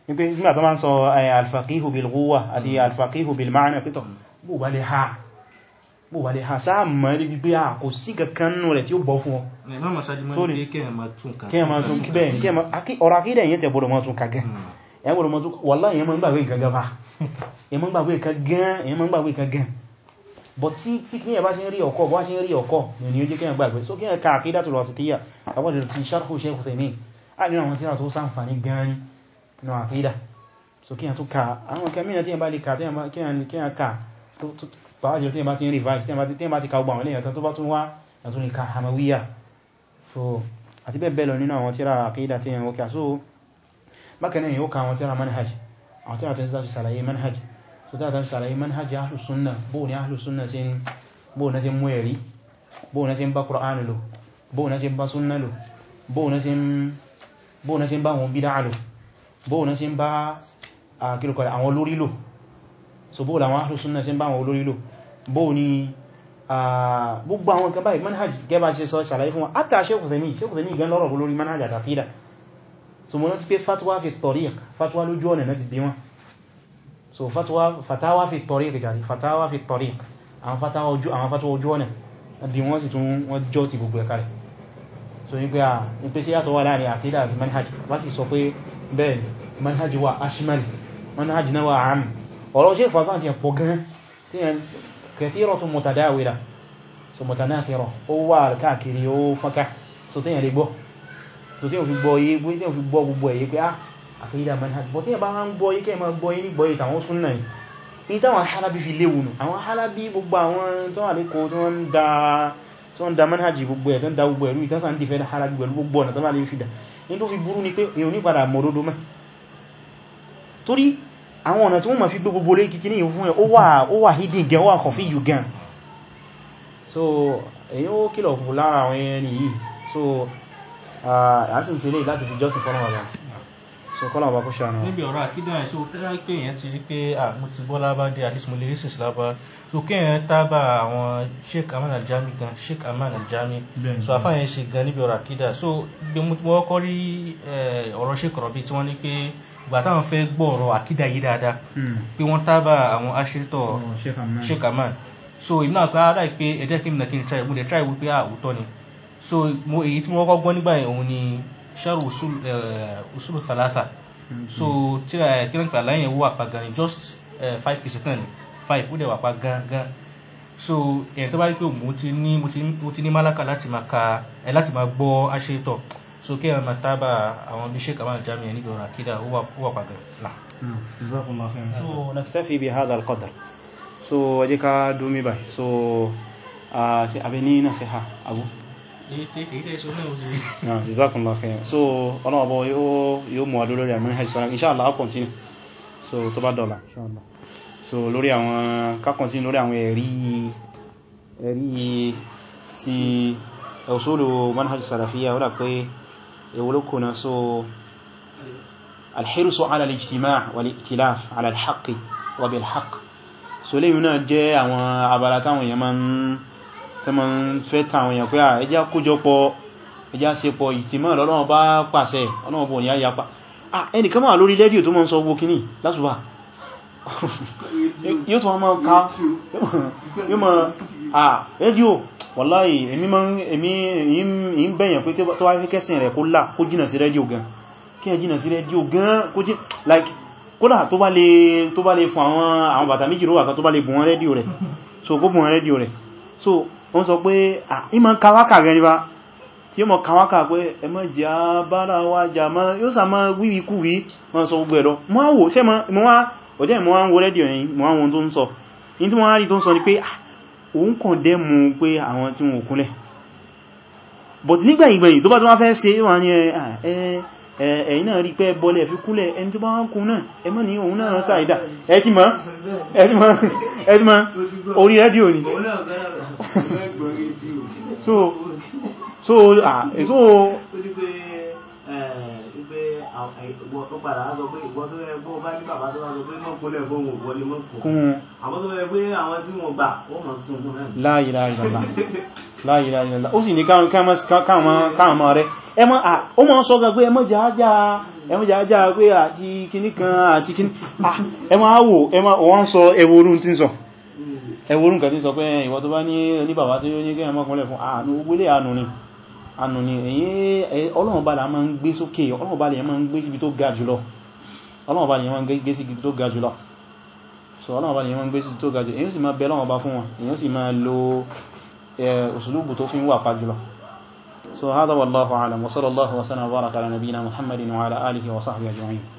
wípé nígbà tó máa ń sọ alfaqihu bil quwwa àti mm. alfaqihu bil ma'na pẹ́tọ̀ bó bá lè ha bó bá lè ha sáà mọ́ rí gbígbé à kò sí kankan nù rẹ̀ tí ó bọ́ fún ọ ọ̀rọ̀ akídẹ̀ yẹn tẹ̀ bọ́dọ̀ mọ́ tún kagẹ́ ẹ̀ mm. bọ́dọ̀ mọ́ tún wallahi yẹn mọ́ ń gbàgbé nǹkan gan fa yẹn mọ́ ń gbàgbé nǹkan gan yẹn mọ́ ń gbàgbé nǹkan gan but tí tí kíyàn bá ṣe ń rí ọkọ̀ bá ṣe ń rí ọkọ̀ ni ó jẹ́ kíyàn gbàgbé so kíyàn ka àkídàtul wasitiyya àwọn ìrìn tí sharhu Shaykh Uthaymeen a nínú àwọn tíra tó ṣàǹfààní gan-an nínú àkídà so kíyàn tó ka àwọn kẹmínà tí yàn bá lè ka kíyàn ka pàwàjọ tí yàn bá ti ń revise tí yàn bá ti ka gbà wọn lẹ́yìn tó bá tún wá àtún lè ka hamawiya so àti bẹ́ẹ̀ bẹ́ẹ̀ lọ nínú àwọn tíra àkídà tí yàn wọ́kà so bákan náà yóò ka àwọn tíra manhaj àwọn tíra tí yàn sàlàyé manhaj so tí yàn sàlàyé manhaj ahlus sunna bóò ni ahlus sunna na ti mú sunna lò bóò na ti ń bá wọn bídá lò bóòlù sí ń bá àkílùkọ̀ àwọn olórí lò so bóòlù àwọn ahlùsúnnà sí ń bá àwọn olórí lò bóòlù ni gbogbo àwọn kan báyìí manhaj gẹ́bà ṣe sọ ṣàlàyé fún wa átà Shaykh Uthaymeen Shaykh Uthaymeen gan lọ́rọ̀ olórí manhaj àtàkídà so mo rántí fatwa fi fatwa lójú ọ̀nà náà so fatwa fatawa fi tariq jàrí fatawa fi tariq àwọn fatawa ojú ọ̀nà bí wọ́n sì tún wọ́n jọ so ní pé sí yàtọ̀ wà láàrin àkídà àti manhaj wá sì bẹ́ẹ̀ manhaj wa ashmal manhaj na wa am ọ̀rọ̀ ṣe fàzán ti pọ̀ gan tí yẹn kẹsírọ̀ tún mọ̀tàdáwìrà so mọ̀tànáfẹ́rọ̀ ó wà káàkiri ó fọ́nká so tí yẹn lè gbọ́ so tí yẹn fi gbọ́ yí pé tí yẹn fi gbọ́ gbogbo ẹ̀yí pé á ah, àkídà manhaj bọ́ tí yẹn bá ń gbọ́ yí kẹ́ ma gbọ́ yí ní gbọ́ yí tàwọn súnnà yìí ní táwọn halabi fi léwu àwọn halabi gbogbo àwọn tó wà lẹ́kọ̀ọ́ tó ń da manhaji gbogbo ẹ̀ tó ń da gbogbo ẹ̀rú ìtànsà ń dìfẹ́ halabi gbogbo ọ̀nà tó bá lè ní tó fi burú ni pé èyàn ní padà mọ̀dódó mẹ́ torí àwọn ọ̀nà tí wọ́n ma fi gbé gbogbo lé kíkí ní ìfún ẹ̀ ó wà hidden gan wà kọ̀fí yù gan so èyàn ó kìlọ̀ fún lára àwọn ẹni yìí so a ah, sì ń ṣe lè láti fi jọ́sìn fọ́nà wà sọkọ́lá ọba kó ṣàánú. níbi ọ̀rọ̀ àkídọ̀ ẹ̀ ṣe o tẹ́lá pé èèyàn ti rí pé mo ti bọ́ lábàdé àdìsí mo lè rí sìsì lábà so kéèyàn tábà àwọn sheikh aman aljami gan sheikh aman aljami so àfààyàn ṣe gan níbi ọ̀rọ̀ àkídọ̀ so bí mo kọ́ rí eh, ọ̀rọ̀ sheikh rọ̀bì tí wọ́n ní pé ìgbà táwọn fẹ́ gbọ́ ọ̀rọ̀ àkídà yìí dáadáa hmm. pé wọ́n tábà àwọn aṣèrìtọ̀ oh, sheikh aman so èmi náà pé aláì ah, pé ẹ̀jẹ̀ kí n nà kí n try mo dẹ̀ try wípé àwùtọ́ ah, ni so èyí tí mo kọ́ gbọ́ nígbà yẹn òun ni sharu usul usul falata, so tíra kíran pé àlàyé yẹn wà pa gan ni just five kìsì kan ni five ó dẹ̀ wà pa gan gan so ẹ̀yìn tó bá rí pé mo ti ní mo ti ní málákà láti máa ka ẹ̀ láti máa gbọ́ aṣetọ̀ so kí ẹ̀rọ máa tábà àwọn bí Sheikh Amal Jamiu níbi ọ̀rọ̀ àkídà ó wà pa gan náà. so naktafi bi hadha al-qadar so wajeka dumi bai so a abin ni nasiha abu jazakumullah khairan so ọlọ́wọ́ bọ́ yóò mọ̀ adó lórí àmì hajjisara inshallah a continue so tó bá dọ̀la inshallah so lórí àwọn ká continue lórí àwọn ẹ̀rí ẹ̀rí ti usulu manhaj salafiyya ó dà pé ewolókò na so alhirsu ala al-ijtima' wal-i'tilaf ala al-haqqi wa bil-haqq so léyìn náà jẹ́ àwọn abala táwọn èèyàn máa ń tó ma ń fẹ́ tàwọn èèyàn pé à ẹjá kójọpọ̀ ẹjá sepọ̀ ìtìmọ̀ lọ́lọ́wọ́ bá pàṣẹ ọlọ́wọ́ bò ní pa ah ẹnìkan máa lórí lẹ́díò tó ma ń sọ owó kìíní lásùbà (laughs) yóò tó wọ́n máa ká yóò ma ah lẹ́díò wàláyì èmi ń bẹ̀yàn pé tó wá fẹ́ kẹ́sìn rẹ̀ kó là kó jìnà sí rẹ́díò gan kí ẹ jìnà sí rẹ́díò gan kó jì like kódà tó bá lè tó bá lè fún àwọn bàtà méjì lówà kan tó bá lè bùn rẹ́díò rẹ̀ so kó bùn rẹ́díò rẹ̀ so wọ́n sọ pé ìmọ̀ kawaka rẹ̀ nípa tí ó mọ̀ kawaka pé ẹmọ́ jẹ́ bára wa jà má yóò sà máa wíwí kú wí wọ́n sọ gbogbo ẹ̀lọ mọ́ wò ṣe mọ́ wá ọjẹ́ mọ́ wá ń wo rẹ́díò yìí mọ́ wọn tó ń sọ ni pé òun kàn dẹ́ mú pé but nígbẹ̀yìngbẹ̀yìn tó bá tó wá fẹ́ ṣe ẹ̀yin náà rí pé bọ́lẹ̀ fi kúlẹ̀ ẹni tó bá ń kún náà ẹ mọ́ ní òun náà rán sáìdá ẹ̀tí orí rédíò ni so so ah so náà láàyè (laughs) la ilaha illallah ó sì ní káàmà rẹ̀ ó mọ́ sọ gan pé ẹmọ́ jàájá pé àti kìní kan àti kìní ẹmọ́ àwò ẹmọ́ wọ́n sọ ẹwọ́rún tí ń sọ ẹwọ́rún kan tí ń sọ pé ìwọ tó bá ní oníbàwà tí ó ní kí ẹmọ́ kúnlẹ̀ fún àánú ogbélé àánú ni àánú ni èyí Ọlọ́run bá la máa ń gbé sókè Ọlọ́run bá la máa ń gbé síbi tó ga jùlọ Ọlọ́run bá la máa ń gbé síbi tó ga jùlọ so Ọlọ́run bá la máa ń gbé síbi tó ga jùlọ èyí sì máa bẹ Ọlọ́run bá fún آه، أسلوب توفين وقاجبة سو هذا والله أعلم وصلى الله وسلم وبارك على نبينا محمد وعلى آله وصحبه أجمعين